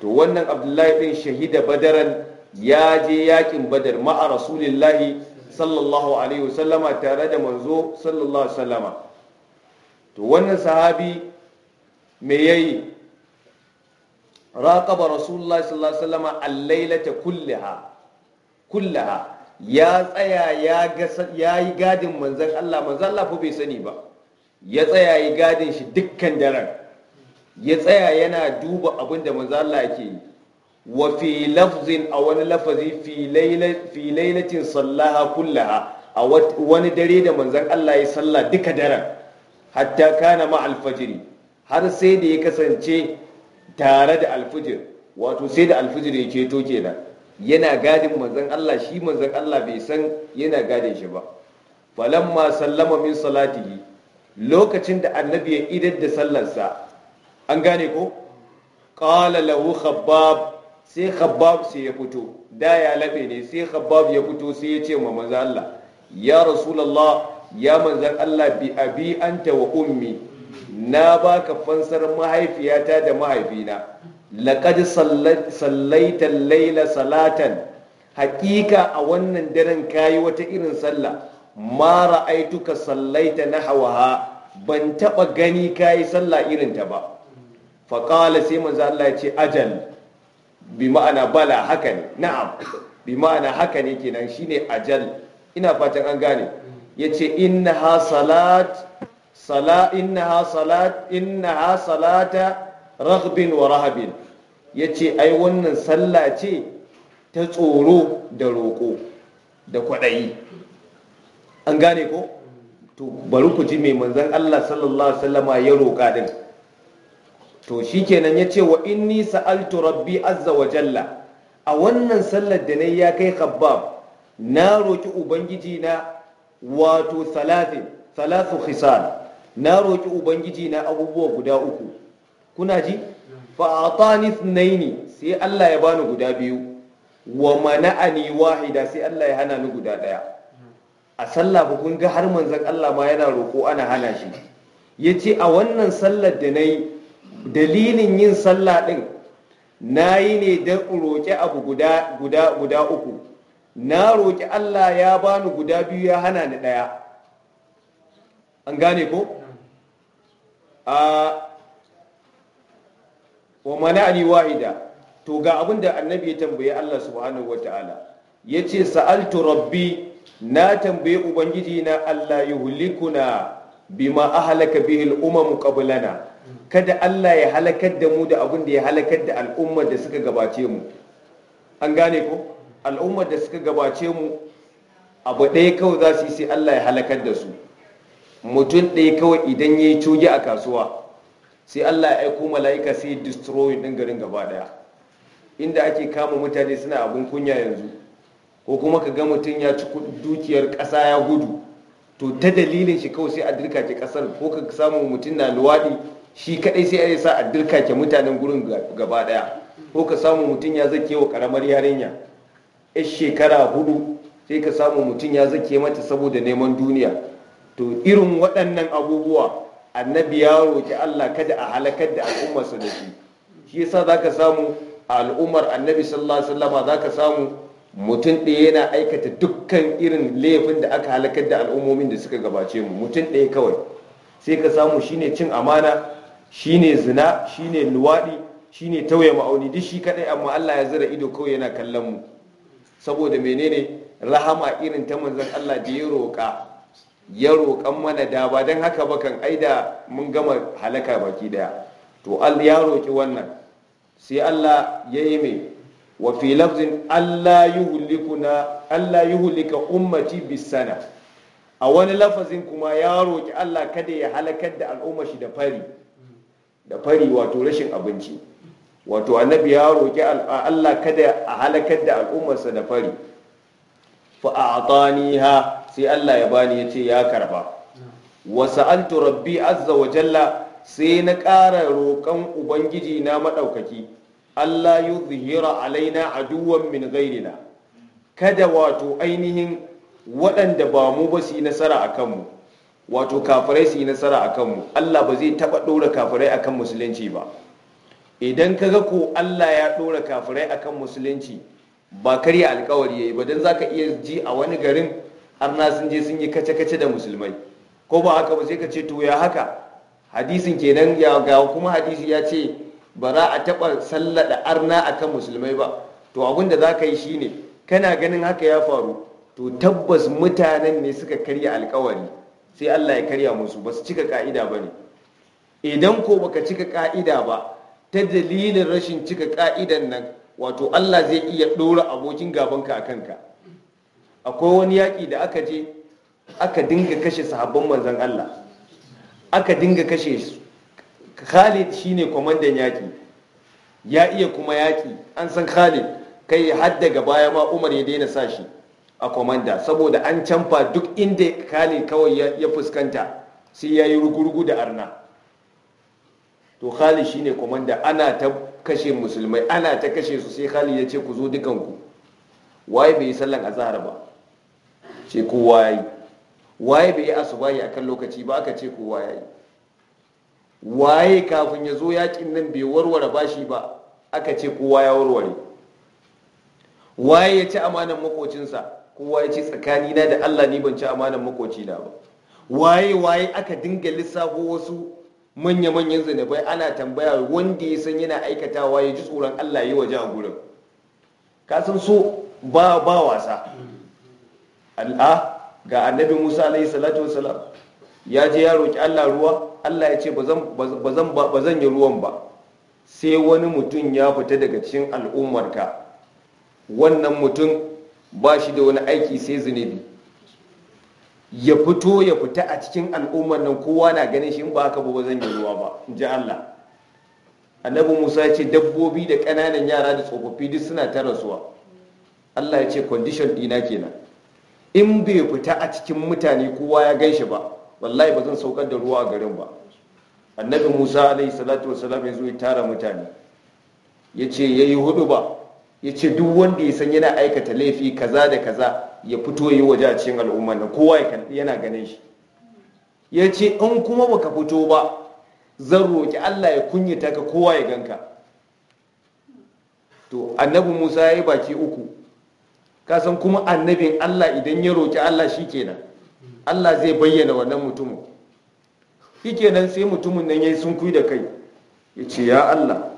to wannan Abdullahi din shahida badaran ya je yakin badar ma'a rasulillahi sallallahu alaihi wasallama tare da manzo sallallahu alaihi wasallama to wannan sahabi me yayi raƙaba rasulullahi sallallahu alaihi alLailata kullaha ya tsaya ya yi gadin manzan Allah manzan Allah bai sani ba ya tsaya yi gadin shi dukkan daren ya tsaya yana duba abin da manzan Allah ke. yi wa fi lafzin a wani lafazi fi lailatin sallaha kullaha a wani dare da manzan Allah ya sallah duka daren hatta kana ma alfajiri har sai da ya kasance tare da alfijir wato sai da alfijir ya keto kenan yana gadin manzon Allah shi manzon Allah bai san yana gadin shi ba falamma sallama min salatihi lokacin da annabi ya idar da sallarsa an gane ko qala lahu khabbab sai khabbab sai ya fito da ya labe ne sai khabbab ya fito sai ya ce ma manzon Allah ya rasulullah ya manzon Allah bi abi anta wa ummi na baka fansar mahaifiyata da mahaifina laqad sallaita laila salatan hakika a wannan daren kayi wata irin sallah ma ra'aituka sallaita na hawaha ban taɓa gani kayi sallah irin ta ba faqala sai manzo Allah ya ce ajal bi ma'ana bala haka ne na'am bi ma'ana haka ne kenan shine ajal ina fatan an gane yace innaha salat sala innaha salat salata raghbin wa rahabin yace ai wannan sallah ce ta tsoro da roƙo da kwaɗayi an gane ko to bari ku ji mai manzon Allah sallallahu alaihi wasallama ya roƙa din to shikenan yace wa inni sa'altu rabbi azza wa jalla a wannan sallar da nayi ya kai khabbab na roki ubangiji na wato salatin salatu khisal na roƙi ubangiji na abubuwa guda uku kuna ji fa'atani thnaini sai Allah ya bani guda biyu wa mana'ani wahida sai Allah ya hana ni guda daya a sallah ba kun ga har manzon Allah ma yana roƙo ana hana shi yace a wannan sallar da nayi dalilin yin sallah din nayi ne don roƙi abu guda guda uku na roƙi Allah ya bani guda biyu ya hana ni daya an gane ko a mana ali wahida to ga abin da annabi ya tambaye Allah subhanahu wataala yace sa'altu rabbi na tambaye ubangiji na Allah yuhlikuna bima ahlaka bihi al-umam qablana kada Allah ya halakar da mu da abin da ya halakar da al'ummar da suka gabace mu an gane ko al'ummar da suka gabace mu abu ɗaya kawai za su yi sai Allah ya halakar da su mutum ɗaya kawai idan ya yi coge a kasuwa sai allah ya aiko mala'ika sai destroy ɗin garin gaba ɗaya inda ake kama mutane suna abin kunya yanzu ko kuma ka ga mutum ya ci dukiyar ƙasa ya gudu to ta dalilin shi kawai sai a ke ƙasar ko ka samu mutum na luwaɗi shi kaɗai sai a sa a ke mutanen gurin gaba ɗaya ko ka samu mutum ya zake wa ƙaramar yarinya ya shekara hudu sai ka samu mutum ya zake mata saboda neman duniya to irin waɗannan abubuwa annabi ya roƙi Allah kada a halakar da al'ummarsa da shi shi yasa zaka samu a al'ummar annabi sallallahu alaihi wasallama zaka samu mutum ɗaya yana aikata dukkan irin laifin da aka halakar da al'ummomin da suka gabace mu mutum ɗaya kawai sai ka samu shine cin amana shine zina shine luwaɗi shine tauye ma'auni duk shi kadai amma Allah ya zira ido kawai yana kallon mu saboda menene rahama irin ta manzon Allah da ya roƙa ya roƙan mana da ba don haka bakan, kan aida mun gama halaka baki daya to al ya roƙi wannan sai Allah ya yi mai wa fi lafzin Allah yi hulika yuhlika ummati bisana a wani lafazin kuma ya roƙi Allah kada ya halakar da al'umma shi da fari da fari wato rashin abinci wato annabi ya roƙi Allah kada a halakar da al'ummarsa da fari fa a ha. sai Allah ya bani ya ce ya karba wasa sa'altu rabbi azza wa jalla sai na ƙara roƙon ubangiji na maɗaukaki Allah yuzhira alaina aduwan min ghairina kada wato ainihin waɗanda ba mu ba su yi nasara a kanmu wato kafirai su yi nasara a kanmu Allah ba zai taɓa ɗora kafirai akan musulunci ba idan ka ga ko Allah ya ɗora kafirai akan musulunci ba karya alkawari ya yi ba don za ka iya ji a wani garin arna sun je sun yi kace-kace da musulmai ko ba haka ba sai ka ce to ya haka hadisin kenan ya ga kuma hadisi ya ce ba za a taɓa sallada arna akan musulmai ba to abin da za ka yi shine kana ganin haka ya faru to tabbas mutanen ne suka karya alkawari sai Allah ya karya musu ba su cika ka'ida ba ne idan ko baka cika ka'ida ba ta dalilin rashin cika ka'idan nan wato Allah zai iya ɗora abokin gabanka a kanka akwai wani yaƙi da aka je aka dinga kashe sahabban manzan Allah aka dinga kashe su Khalid shine kwamandan yaƙi ya iya kuma yaƙi an san Khalid kai har daga baya ma Umar ya daina sa shi a kwamanda saboda an canfa duk inda Khalid kawai ya fuskanta sai ya yi rugurugu da arna to Khalid shine kwamanda ana ta kashe musulmai ana ta kashe su sai Khalid ya ce ku zo dukanku waye bai yi sallan azahar ba ce kowa ya yi waye bai yi asubahi akan lokaci ba aka ce kowa ya yi waye kafin ya zo yakin nan bai warware bashi ba aka ce kowa ya warware waye ya ci amanan makocinsa kowa ya ce na da allah ni ban ci amanan makocina ba waye waye aka dinga lissafo wasu manya-manyan zanabai ana tambaya wanda ya san yana aikatawa ya ji tsoron allah yi waje a gurin kasan so ba ba wasa al'a ah, ga annabi musa alayhi salatu wasalam ya je ya roki allah ruwa allah ya ce ba zan yi ruwan ba sai wani mutum ya fita daga cikin al'ummarka wannan mutum ba shi da wani aiki sai zunubi ya fito ya fita a cikin al'ummar nan kowa na ganin shi ba haka ba zan yi ruwa ba in ji allah annabi musa ya ce dabbobi da ƙananan yara da tsofaffi duk suna ta rasuwa allah ya ce condition ɗina kenan in bai fita a cikin mutane kowa ya gan shi ba wallahi ba zan saukar da ruwa a garin ba annabi musa alaihi salatu wasalam ya zo ya tara mutane ya ce ya yi hudu ba ya ce duk wanda ya san yana aikata laifi kaza da kaza ya fito yi waje a cikin al'umma na kowa yana ganin shi ya ce in kuma baka fito ba zan roƙi allah ya kunyata ka kowa ya ganka to annabi musa ya yi baki uku kasan kuma annabin Allah idan ya roƙi Allah shi kenan, Allah zai bayyana wannan mutumin kenan sai mutumin nan ya yayi sunkui da kai Ya ce, ya Allah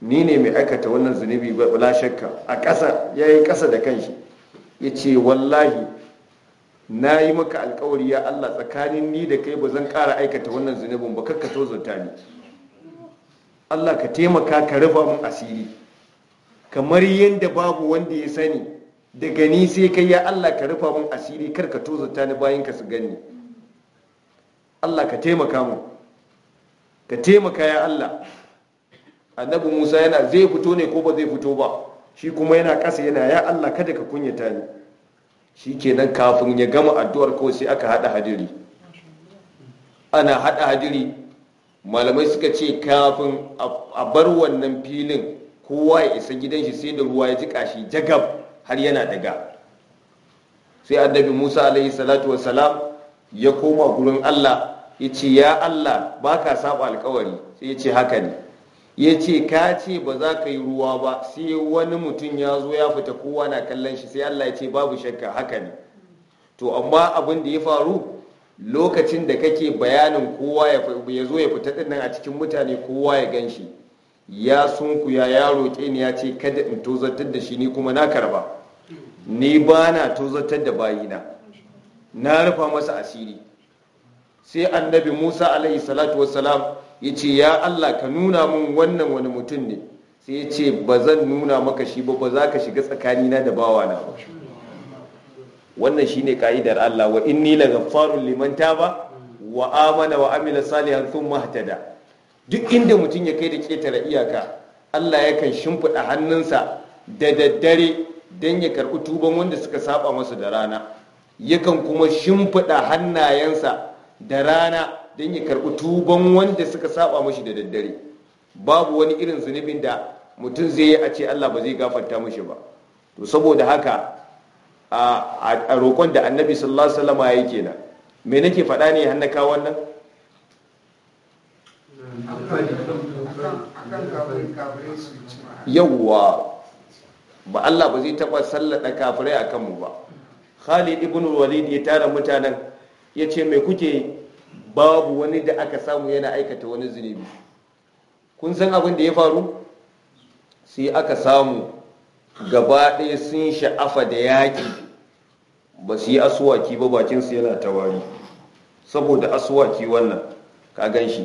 ni ne mai aikata wannan zunubi bula shakka a ƙasa ya yi ƙasa da kanshi ce wallahi na yi maka alkawari ya Allah tsakanin ni da kai ba zan ƙara aikata wannan zunubin ba kakka tozonta ni Allah ka taimaka ka rufa mun asiri kamar yadda babu wanda ya sani Daga ni sai kai ya Allah ka rufa mun asiri kar ka tozata ni bayan ka su gani Allah ka taimaka mu ka taimaka ya Allah annabi Musa yana zai fito ne ko ba zai fito ba shi kuma yana kasa yana ya Allah kada ka kunyata ni shi kenan kafin ya gama addu'ar ko sai aka hada hadiri ana haɗa hadiri malamai suka ce kafin a bar wannan filin kowa ya isa gidan shi sai da ruwa ya ji shi jagab har yana daga sai annabi musa alaihi salatu salam ya koma gurin allah ya ce ya allah ba ka saba alkawari sai ya ce haka ne ya ce ka ce ba za ka yi ruwa ba sai wani mutum ya zo ya fita kowa na kallon shi sai allah ya ce babu shakka haka ne to amma abin da ya faru lokacin da kake bayanin kowa ya zo ya fita dinnan a cikin mutane kowa ya gan shi ya sunkuya ya roƙe ni ya ce kada in tozartar da shi ni kuma na karba ni ba na tozartar da bayina na rufa masa asiri sai annabi musa alaihi salatu wassalam ya ce ya allah ka nuna min wannan wani mutum ne sai ya ce ba zan nuna maka shi ba ba za ka shiga tsakanina da bawana ba wannan shine ka'idar allah wa inni la ghaffarun liman ba? wa amana wa amila salihan sun mahtada duk inda mutum ya kai da ketare iyaka allah ya kan shimfiɗa hannunsa da daddare don ya karɓi tuban wanda suka saba masa da rana ya kan kuma shimfiɗa hannayensa da rana don ya karɓi tuban wanda suka saba mashi da daddare babu wani irin zunubin da mutum zai yi a ce allah ba zai gafarta mashi ba to saboda haka a roƙon da annabi sallallahu alaihi wasallama ya yi kenan me nake faɗa ne hannaka wannan yawwa ba Allah ba zai taba sallada kafirai a kanmu ba Khalid ibn Walid ya tara mutanen ya ce mai kuke babu wani da aka samu yana aikata wani zunubi kun san abin da ya faru sai aka samu gaba ɗaya sun sha'afa da yaƙi ba su yi asuwaki ba bakinsu yana tawari saboda asuwaki wannan ka gan shi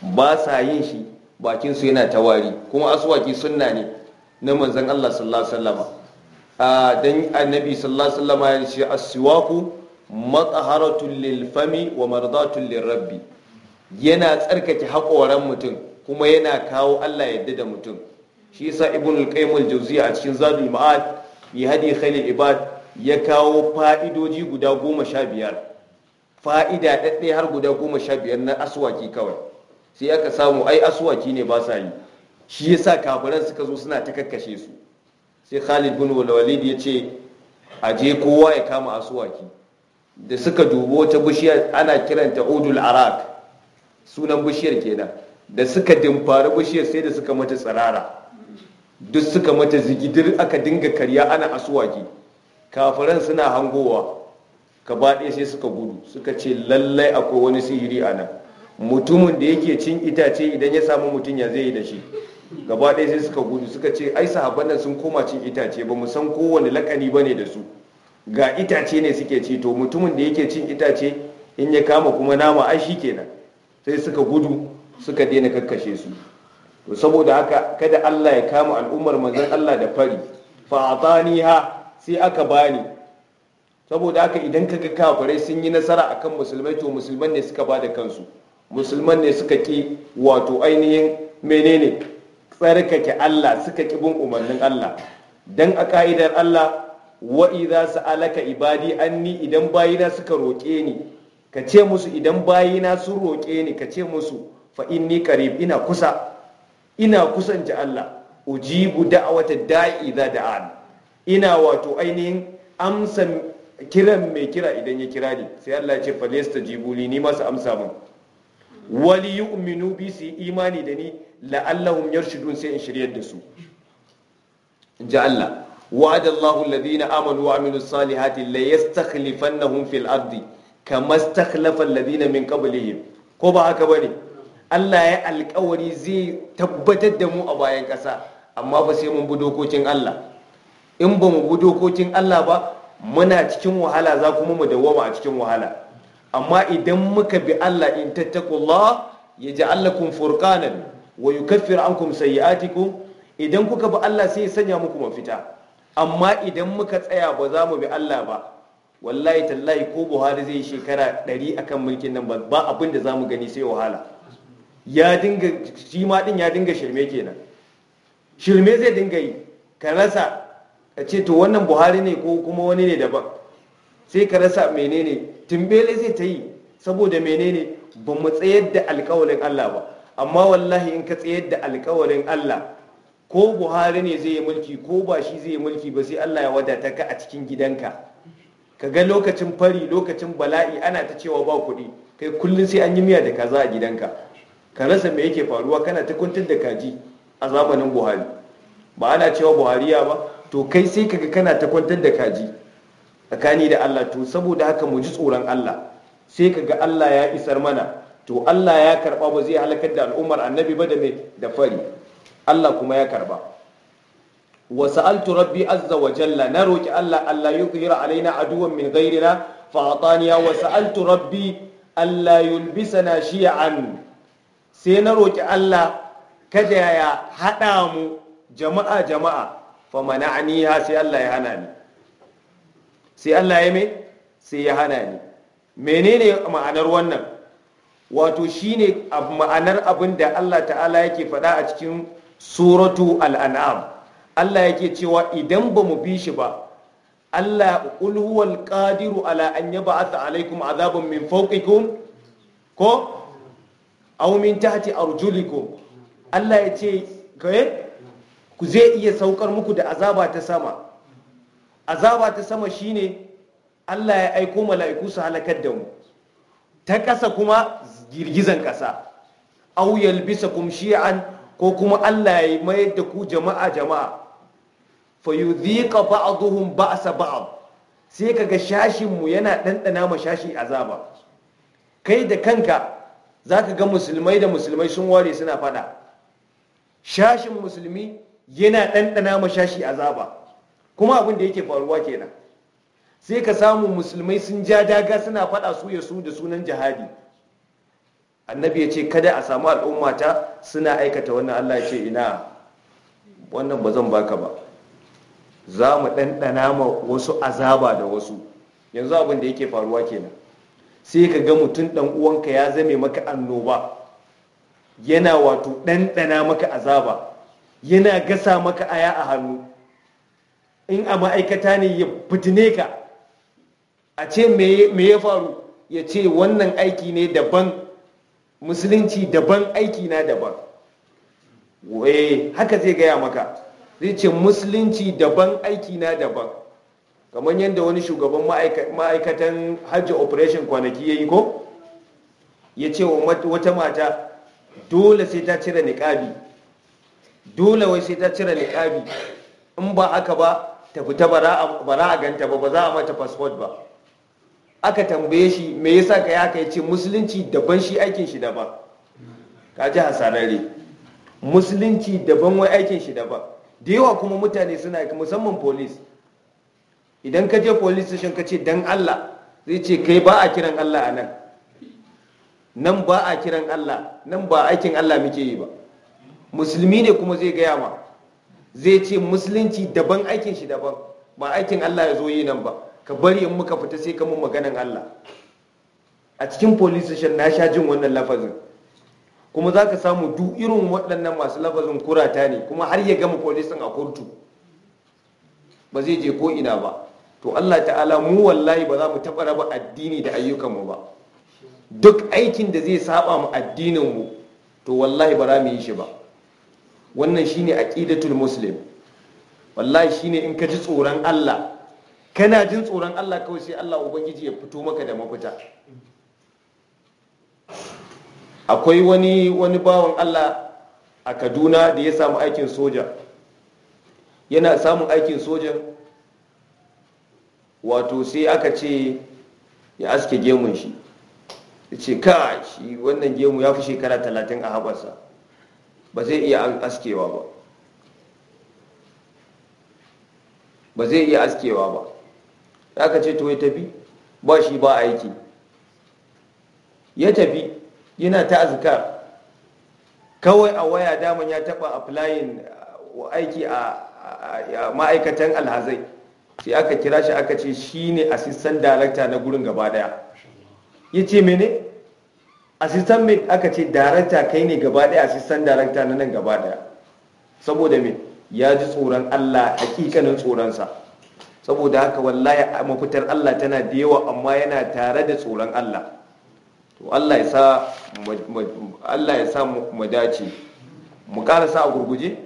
ba sa yin shi bakin su yana tawari kuma aswaki sunna ne na manzon Allah sallallahu alaihi wasallam a dan annabi sallallahu alaihi wasallam ya ce aswaku mataharatul lil fami wa mardatul lirabbi yana tsarkake haƙoran mutum kuma yana kawo Allah yadda da mutum shi yasa ibnul qayyim al-jawziya a cikin zadul ma'ad yi hadi khailul ibad ya kawo fa'idoji guda goma sha biyar fa'ida ɗaɗɗe har guda goma sha biyar na aswaki kawai sai aka samu ai asuwaki ne ba sa yi shi ya sa kafiran suka zo suna ta kakkashe su sai Khalid bin Walid ya ce a je kowa ya kama asuwaki da suka dubo wata bishiyar ana kiranta Udul Arak sunan bishiyar kenan da suka dimfari bishiyar sai da suka mata tsirara duk suka mata zigidir aka dinga karya ana asuwaki kafiran suna hangowa ka ɗaya sai suka gudu suka ce lallai akwai wani sihiri a nan mutumin da yake cin itace idan ya samu mutum ya zai yi da shi gaba ɗaya sai suka gudu suka ce ai sahabban nan sun koma cin itace ba mu san kowane lakani ba ne da su ga itace ne suke ci to mutumin da yake cin itace in ya kama kuma nama ai shi kenan sai suka gudu suka daina kakkashe su to saboda haka kada Allah ya kama al'ummar manzon Allah da fari fa ataniha sai aka bani saboda haka idan kaga kafirai sun yi nasara akan musulmai to musulman ne suka bada kansu musulman ne suka ki wato ainihin menene tsarkake Allah suka ki bin umarnin Allah dan a ka'idar Allah wa idza sa'alaka ibadi anni idan bayina suka roƙe ni ka ce musu idan bayina sun roƙe ni ka ce musu fa inni qarib ina kusa ina ji Allah ujibu da'wata da'i idza da'an ina wato ainihin amsa kiran mai kira idan ya kira ni sai Allah ya ce fa lasta jibuli ni masa amsa min wali yu'minu bi su yi imani da ni la'allahum yarshudun sai in shiryar da su in ji Allah wa'adallahu alladhina amanu wa amilus salihati la yastakhlifannahum fil ardi kama stakhlafa alladhina min qablihim ko ba haka bane Allah ya alkawari zai tabbatar da mu a bayan ƙasa amma ba sai mun bi dokokin Allah in ba mu bi dokokin Allah ba muna cikin wahala za kuma mu dawwama a cikin wahala amma idan muka bi Allah in ji yaj'al lakum furqanan wa kun sayi sayyi'atikum idan kuka bi Allah sai ya sanya muku mafita amma idan muka tsaya ba za mu bi Allah ba wallahi tallahi ko Buhari zai shekara ɗari akan mulkin nan ba abin da mu gani sai wahala ya dinga shi ma din ya dinga shirme kenan shirme zai dinga yi ka rasa ka ce to wannan Buhari ne ko kuma wani ne daban sai ka rasa menene timbele zai ta yi saboda menene ba mu tsayar da alkawalin Allah ba amma wallahi in ka tsayar da alkawalin Allah ko buhari ne zai yi mulki ko ba shi zai yi mulki ba sai Allah ya wadata ka a cikin gidanka ka ga lokacin fari lokacin bala'i ana ta cewa ba kuɗi kai kullum sai an yi miya da kaza a gidanka ka rasa me yake faruwa kana ta kuntun da kaji a zamanin buhari ba ana cewa buhariya ba to kai sai kaga kana ta kwantar da kaji tsakani da Allah to saboda haka mu ji tsoron Allah sai ka ga Allah ya isar mana to Allah ya karba ba zai halakar da al'ummar annabi ba da me da fari Allah kuma ya karba wa sa'altu rabbi azza wa jalla na roki Allah Allah yuqhira alaina aduwan min ghairina fa ataniya wa sa'altu rabbi alla yulbisana shi'an sai na roki Allah kada ya hada mu jama'a jama'a fa mana'aniha sai Allah ya hana ni sai Allah ya mai sai ya hana ni menene ma'anar wannan wato shine ma'anar abin da Allah ta'ala yake faɗa a cikin suratu al'an'am Allah yake cewa idan ba mu bi shi ba Allah ulhuwal qadiru ala an yab'atha alaikum azabin min fawqikum ko min tahti arjulikum Allah ya ce ku zai iya saukar muku da azaba ta sama azaba ta sama shine Allah ya aiko mala'iku su halakar da mu ta ƙasa kuma girgizan ƙasa au yalbisa kum shi'an ko kuma Allah ya mayar da ku jama'a jama'a fa yudhiqa ba'dhum ba'sa ba'd sai kaga shashin mu yana dandana ma shashi azaba kai da kanka zaka ga musulmai da musulmai sun ware suna fada shashin musulmi yana dandana ma shashi azaba kuma abin da yake faruwa kenan sai ka samu musulmai sun ja daga suna faɗa su ya su da sunan jihadi annabi ya ce kada a samu al'ummata suna aikata wannan allah ya ce ina wannan ba zan baka ba za mu ɗanɗana ma wasu azaba da wasu yanzu abin da yake faruwa kenan sai ka ga mutum ɗan uwanka ya zame maka annoba yana wato ɗanɗana maka azaba yana gasa maka aya a hannu in a ma'aikata ne ya fitine ka a ce me ya faru ya ce wannan aiki ne daban musulunci daban aiki na daban Wai haka zai gaya maka zai ce musulunci daban aiki na daban kamar yadda wani shugaban ma'aikatan hajji operation kwanaki ya yi ko ya ce wata mata dole sai ta cire niƙabi dole wai sai ta cire niƙabi in ba aka ba ta fita ba za a ganta ba ba za a mata fasfot ba aka tambaye shi me yasa ka ya kai ce musulunci daban shi aikin shi daban ka ji hasarare musulunci daban wai aikin shi daban da yawa kuma mutane suna musamman police idan ka je police station ka ce dan Allah zai ce kai ba a kiran Allah a nan nan ba a kiran Allah nan ba aikin Allah muke yi ba musulmi ne kuma zai gaya ma zai ce musulunci daban aikin shi daban ba aikin Allah ya zo yi nan ba ka bari in muka fita sai ka maganan Allah a cikin police station na sha jin wannan lafazin kuma za ka samu duk irin waɗannan masu lafazin kurata ne kuma har ya gama polisin a kurtu ba zai je ko ina ba to Allah ta'ala mu wallahi ba za mu taɓa raba addini da ayyukanmu ba duk aikin da zai saba mu addininmu to wallahi ba za mu yi shi ba wannan shine aqidatul muslim wallahi shine in ka ji tsoron Allah kana jin tsoron Allah kawai sai Allah ubangiji ya fito maka da mafita akwai wani wani bawan Allah a Kaduna da ya samu aikin soja yana samun aikin soja? wato sai aka ce ya aske gemun shi ya ce ka shi wannan gemu ya fi shekara talatin a haɓarsa ba zai iya askewa ba ba zai iya askewa ba ya ka ce to tafi ba shi ba aiki ya tafi yana ta azuka kawai a waya daman ya taba aflayin uh, aiki a ma'aikatan alhazai sai aka kira shi aka ce shi ne asistan director na gurin gaba daya ya ce mene assistant mate aka ce darakta kai ne gaba daya assistant darakta na nan gaba daya saboda me ya ji tsoron Allah hakikanin tsoronsa saboda haka wallahi mafitar Allah tana da yawa amma yana tare da tsoron Allah to Allah ya sa mu dace mu karasa a gurguje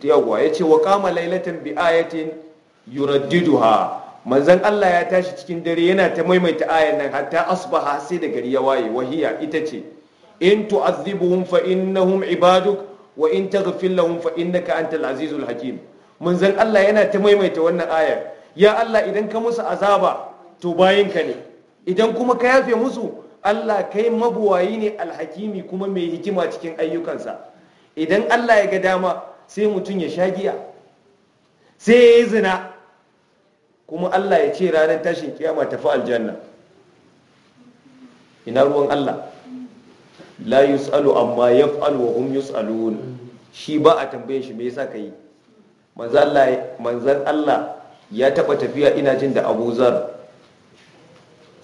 yawwa yace wa qama lailatan bi ayatin yuraddiduha manzon Allah ya tashi cikin dare yana ta maimaita ayan nan hatta asbaha sai da gari ya waye wahiya ita ce in tu'adhibuhum fa innahum ibaduk wa in taghfir lahum fa innaka antal azizul hakim manzon Allah yana ta maimaita wannan ayar ya Allah idan ka musu azaba to bayinka ne idan kuma ka yafe musu Allah kai mabuwayi ne alhakimi kuma mai hikima cikin ayyukansa idan Allah ya ga dama sai mutum ya sha giya sai ya yi zina kuma Allah ya ce ranar tashin kiyama tafi aljanna ina ruwan Allah la yus'alu amma yaf'alu wa hum yus'alun shi ba a tambayin shi me yasa kai yi. Allah manzan Allah ya taba tafiya ina jin da Abu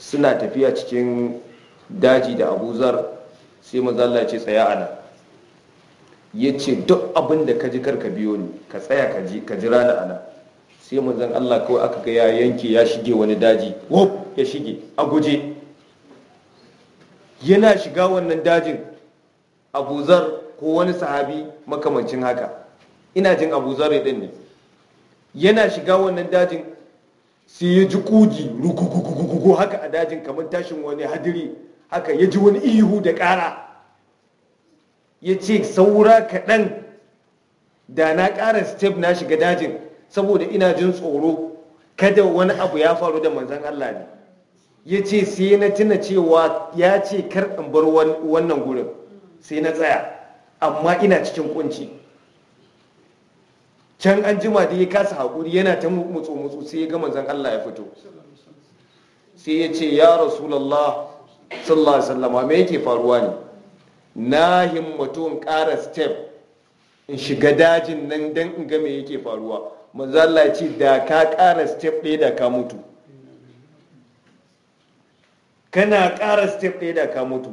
suna tafiya cikin daji da abuzar, Zar sai manzan Allah ya ce tsaya ana yace duk abin da ka ji karka biyo ni ka tsaya ka ji rana ana sai manzan Allah kawai aka ga ya yanke ya shige wani daji wop ya shige a guje yana shiga wannan dajin abuzar ko wani sahabi makamancin haka ina jin abuzar din ne yana shiga wannan dajin sai ya ji kugi rukukukukuku haka a dajin kamar tashin wani hadiri haka ya ji wani ihu da ƙara ya ce saura kaɗan da na ƙara step na shiga dajin saboda ina jin tsoro kada wani abu ya faru da manzan Allah ne ya ce sai na tuna cewa ya ce kar in bar wannan gurin sai na tsaya amma ina cikin kunci can an jima da ya kasa haƙuri yana ta mutsu mutsu sai ya ga manzan Allah ya fito sai ya ce ya rasulallah sallallahu alaihi wasallam me yake faruwa ne na himmatu in ƙara step in shiga dajin nan dan in ga me yake faruwa manzo ce da ka kara step ɗaya da ka mutu kana kara step ɗaya da ka mutu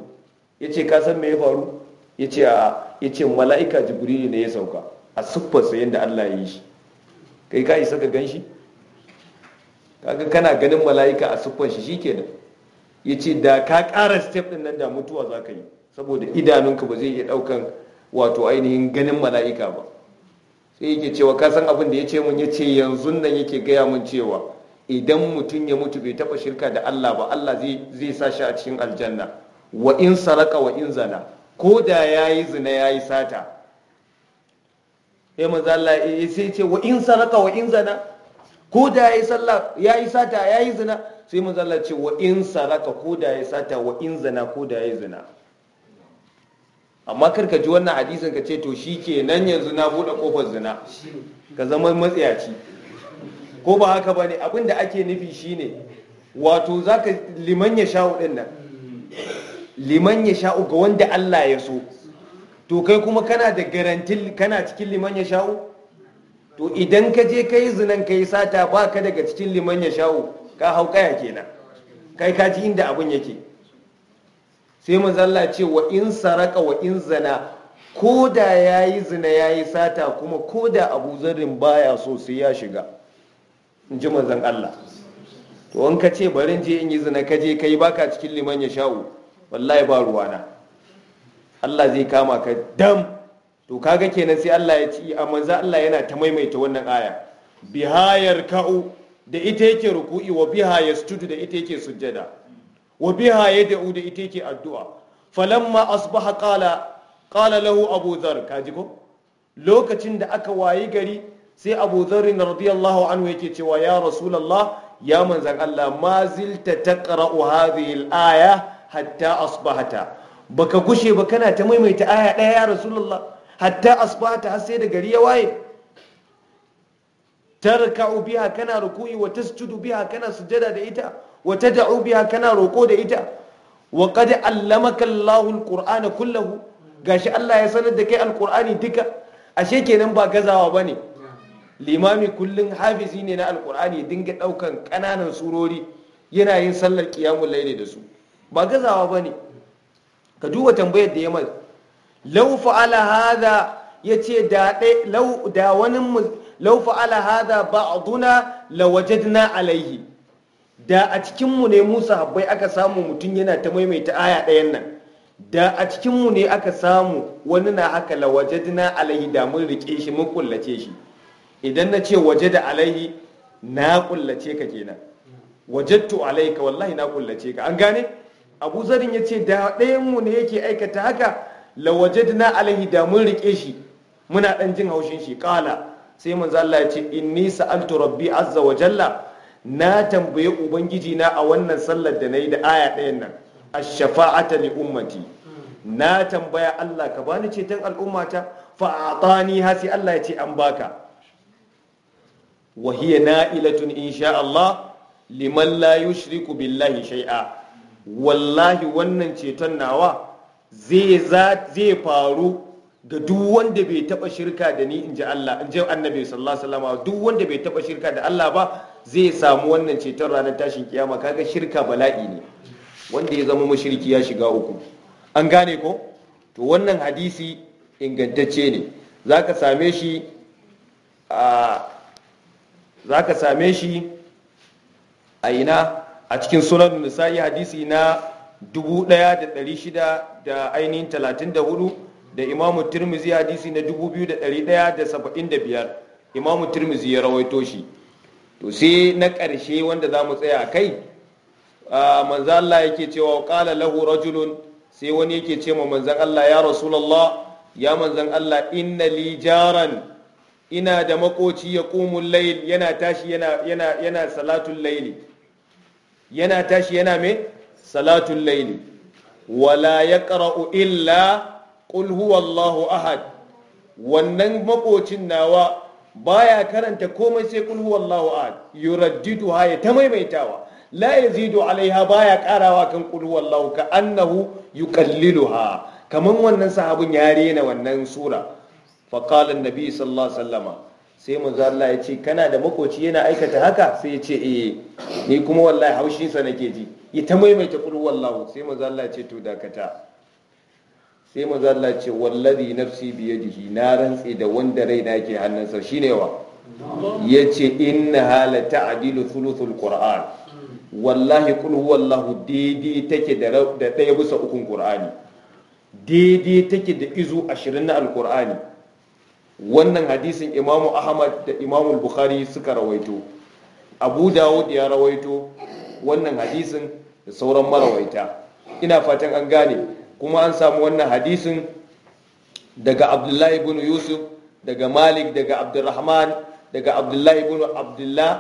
ya ce ka san me faru ya ce a ya ce mala'ika jibrilu ne ya sauka a siffarsa yadda Allah ya yi shi kai ka isa ka gan shi kaga kana ganin mala'ika a siffar shi shi shikenan ya ce da ka kara step ɗin nan da mutuwa za ka yi saboda idanunka ba zai iya ɗaukan wato ainihin ganin mala'ika ba sai yake cewa ka san abin da ya ce mun ya ce yanzu nan yake gaya mun cewa idan mutum ya mutu bai taba shirka da Allah ba Allah zai sa shi a cikin aljanna wa in saraka wa in zana ko da yayi zina yayi sata eh manzo Allah sai ce wa in saraka wa in zana ko da yayi sallah yayi sata yayi zina sai manzo Allah ce wa in saraka ko da yayi sata wa in zana ko da yayi zina amma kar ka ji wannan hadisin ka ce to shi ke nan yanzu na buɗe kofar zina ka zama matsiyaci ko ba haka ba ne abinda da ake nufi shine wato za ka liman ya sha ɗin nan liman ya sha'u ga wanda Allah ya so to kai kuma kana da garantin kana cikin liman ya sha'u to idan ka je ka yi zinan ka yi sata ba ka daga cikin liman ya sha'u ka hau kaya kenan kai ka ji inda abin yake sai manzalla ce wa in saraka wa in zana ko da ya yi zina ya yi sata kuma ko da abu zarin baya so sai ya shiga in ji manzan Allah to an ka ce barin je in yi zina ka je kai baka cikin liman ya sha'u wallahi ba ruwana Allah zai kama ka dam to kaga kenan sai Allah ya ci a manzan Allah yana ta maimaita wannan aya bihayar ka'u da ita yake ruku'i wa biha yastudu da ita yake sujjada wa biha yad'u da ita yake addu'a falamma asbaha qala qala lahu abu dharr kaji lokacin da aka wayi gari sai abu dharr radiyallahu anhu yake cewa ya rasulullah ya manzan Allah ma zilta taqra'u hadhihi al-aya hatta asbahata baka gushe ba kana ta maimaita aya daya ya rasulullah hatta asbahata har sai da gari ya waye tarka'u biha kana ruku'i wa tasjudu biha kana sujada da ita wa tad'u biha kana roko da ita wa qad allamaka Allahu alqur'ana kullahu gashi Allah ya sanar da kai alqur'ani duka ashe kenan ba gazawa bane limami kullun hafizi ne na alqur'ani ya dinga daukan kananan surori yana sallar qiyamul layli da su ba gazawa bane ka duba tambayar da ya mai law fa'ala hadha yace da dai law da wani lau fa'ala hadha ba'duna lawajadna alaihi da a cikin mu ne Musa Habbai aka samu mutum yana ta maimaita aya ɗayan nan da a cikin mu ne aka samu wani na haka lawajadna alaihi da mun rike shi mun kullace shi idan na ce waje da alaihi na kullace ka kenan wajattu alaika wallahi na kullace ka an gane abu zarin ya ce da ɗayan mu ne yake aikata haka lawajadna alaihi da mun rike shi muna ɗan jin haushin shi ƙala sai manzo Allah ya ce inni sa'altu rabbi azza wa jalla na tambaye ubangiji na a wannan sallar da nayi da aya ɗayan nan ash-shafa'ata li ummati na tambaya Allah ka bani ceton al'ummata fa atani ha sai Allah ya ce an baka wa hiya na'ilatun insha Allah liman la yushriku billahi shay'a wallahi wannan ceton nawa zai faru ga duk wanda bai taba shirka da ni in ji Allah in ji annabi sallallahu alaihi wasallam duk wanda bai taba shirka da Allah ba zai samu wannan ceton ranar tashin kiyama kaga shirka bala'i ne wanda ya zama mushriki ya shiga uku an gane ko to wannan hadisi ingantacce ne zaka same shi a zaka same shi a ina a cikin sunan nisa'i hadisi na 1600 da ainihin 34 da imamu tirmizi hadisi na 2175 imamu tirmizi ya rawaito shi to sai na ƙarshe wanda za mu tsaya a kai manzan Allah yake cewa ƙala lahu rajulun sai wani yake ce ma manzan Allah ya rasulallah ya manzan Allah inna li jaran ina da makoci ya ƙumun layil yana tashi yana salatun layili yana tashi yana mai salatun layili wala ya ƙara'u illa qul huwallahu ahad wannan makocin nawa baya karanta komai sai qul huwallahu ahad yuraddidu ha ya ta maimaitawa la yazidu alaiha baya karawa kan qul huwallahu ka annahu yuqalliluha kaman wannan sahabin ya rena wannan sura fa qala annabi sallallahu alaihi wasallama sai manzo Allah ya ce kana da makoci yana aikata haka sai ya ce eh ni kuma wallahi haushinsa nake ji ya ta maimaita qul huwallahu sai manzo Allah ya ce to dakata sai manzo Allah ce wallazi nafsi biyadihi na rantsi da wanda rai na ke hannunsa shine wa yace inna hala ta'dilu thuluthul qur'an wallahi qul huwallahu daidai take da da daya bisa ukun qur'ani daidai take da izu ashirin na alqur'ani wannan hadisin imamu ahmad da imamu bukhari suka rawaito abu dawud ya rawaito wannan hadisin da sauran marawaita ina fatan an gane kuma an samu wannan hadisin daga abdullahi ibn yusuf daga malik daga abdurrahman daga abdullahi ibn abdullah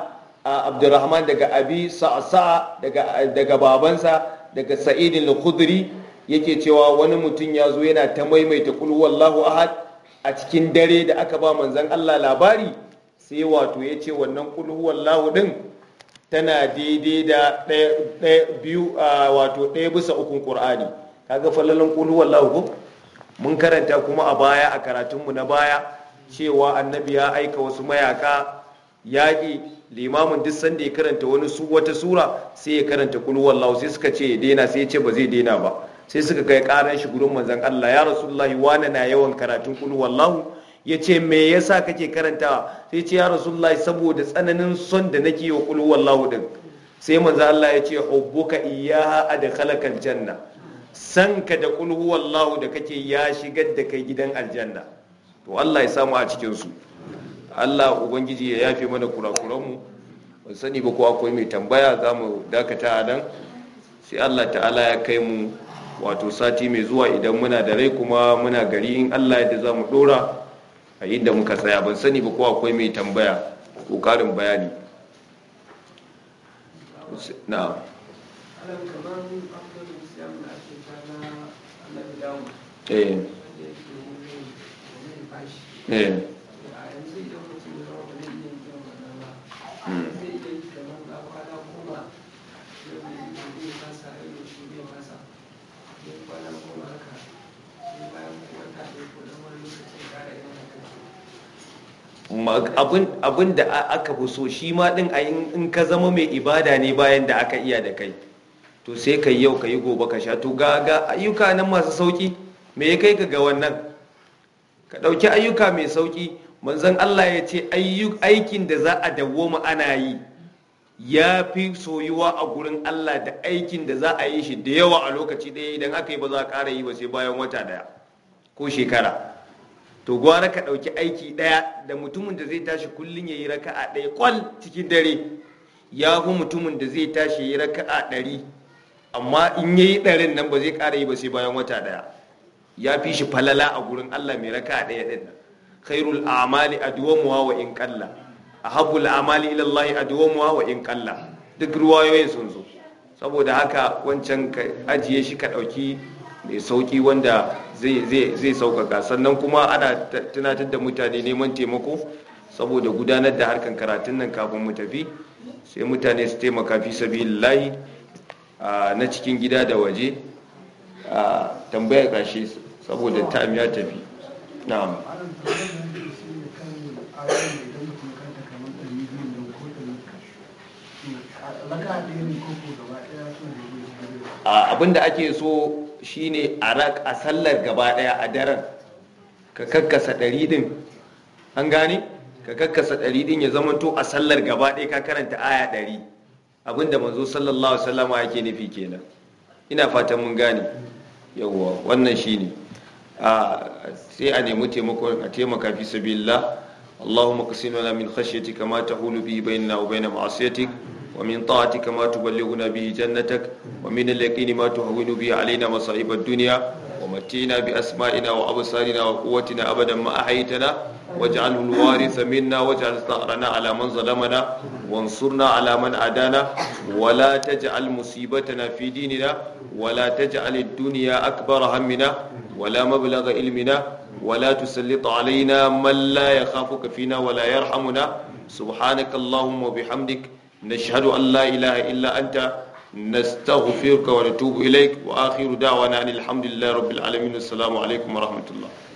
abdurrahman daga abi sa'sa daga daga babansa daga sa'id al-khudri yake cewa wani mutum ya zo yana ta maimaita qul lahu ahad a cikin dare da aka ba manzon Allah labari sai wato ya ce wannan qul lahu din tana daidai da ɗaya biyu wato ɗaya bisa ukun ƙur'ani. kaga fallalan kulu wallahu ko mun karanta kuma a baya a karatunmu na baya cewa annabi ya aika wasu mayaka yaƙi limamin duk sanda ya karanta wani su wata sura sai ya karanta kulu wallahu sai suka ce ya daina sai ya ce ba zai daina ba sai suka kai karan shi gurin manzon Allah ya rasulullahi wani na yawan karatun kulu wallahu ya ce me yasa kake karanta sai ce ya rasulullahi saboda tsananin son da nake yi wa kulu wallahu din sai manzo Allah ya ce hubbuka iyyaha adkhalakal janna sanka da kulhuwan lahu da kake ya shigar da kai gidan aljanna to Allah ya samu a cikin su Allah ubangiji ya yafe mana kurakuranmu ban sani ba ko akwai mai tambaya za mu dakata a nan sai Allah ta'ala ya kai mu wato sati mai zuwa idan muna da rai kuma muna gari in Allah ya za mu dora a inda muka tsaya ban sani ba ko akwai mai tambaya ko karin bayani na'am É. eh abin da aka fi so shi ma din in ka zama mai ibada ne bayan da aka iya da kai to sai ka yau ka yi gobe ka sha to ga ayyuka nan masu sauki me ya kai ka ga wannan ka ɗauki ayyuka mai sauki manzon Allah ya ce aikin da za a dawo mu ana yi ya fi soyuwa a gurin Allah da aikin da za a yi shi da yawa a lokaci ɗaya idan aka yi ba za a ƙara yi ba sai bayan wata ɗaya ko shekara to gwara ka ɗauki aiki ɗaya da mutumin da zai tashi kullum ya yi raka a ɗaya kwal cikin dare ya fi mutumin da zai tashi ya yi raka a ɗari amma in ya yi ɗarin nan ba zai ƙara yi ba sai bayan wata ɗaya ya fi shi falala a gurin Allah mai raka ɗaya ɗin khairul a'mali a Duwamuwa, wa in A ahabbul a'mali ila Allah wa in duk ruwayoyin sun zo saboda haka wancan ka ajiye shi ka ɗauki mai sauƙi wanda zai sauƙaƙa sannan kuma ana tunatar da mutane neman taimako saboda gudanar da harkan karatun nan kafin mu tafi sai mutane su taimaka fi sabilillahi na cikin gida da waje tambayar ƙarshe saboda tam ya tafi na'am abinda ake so shine a sallar gaba daya a daren ka kakkasa ɗari din an gane ka kakkasa ɗari din ya zama to a sallar gaba daya ka karanta aya ɗari Abin da manzo sallallahu alaihi wasallam yake nufi kenan ina fatan mun gane yawa wannan shine a sai a nemi taimakon a taimaka fi sabilillah allahumma qsimna lana min khashyatika ma tahulu bi bainana wa bain ma'siyatik wa min ta'atika ma tuballighuna bi jannatak wa min al-yaqini ma tuhawwinu bi alaina masa'ib ad-dunya ومتينا بأسمائنا وأبصارنا وقوتنا أبدا ما أحيتنا واجعله الوارث منا واجعل ثأرنا على من ظلمنا وانصرنا على من عادانا ولا تجعل مصيبتنا في ديننا ولا تجعل الدنيا أكبر همنا ولا مبلغ علمنا ولا تسلط علينا من لا يخافك فينا ولا يرحمنا سبحانك اللهم وبحمدك نشهد أن لا إله إلا أنت نستغفرك ونتوب إليك وآخر دعوانا أن الحمد لله رب العالمين والسلام عليكم ورحمة الله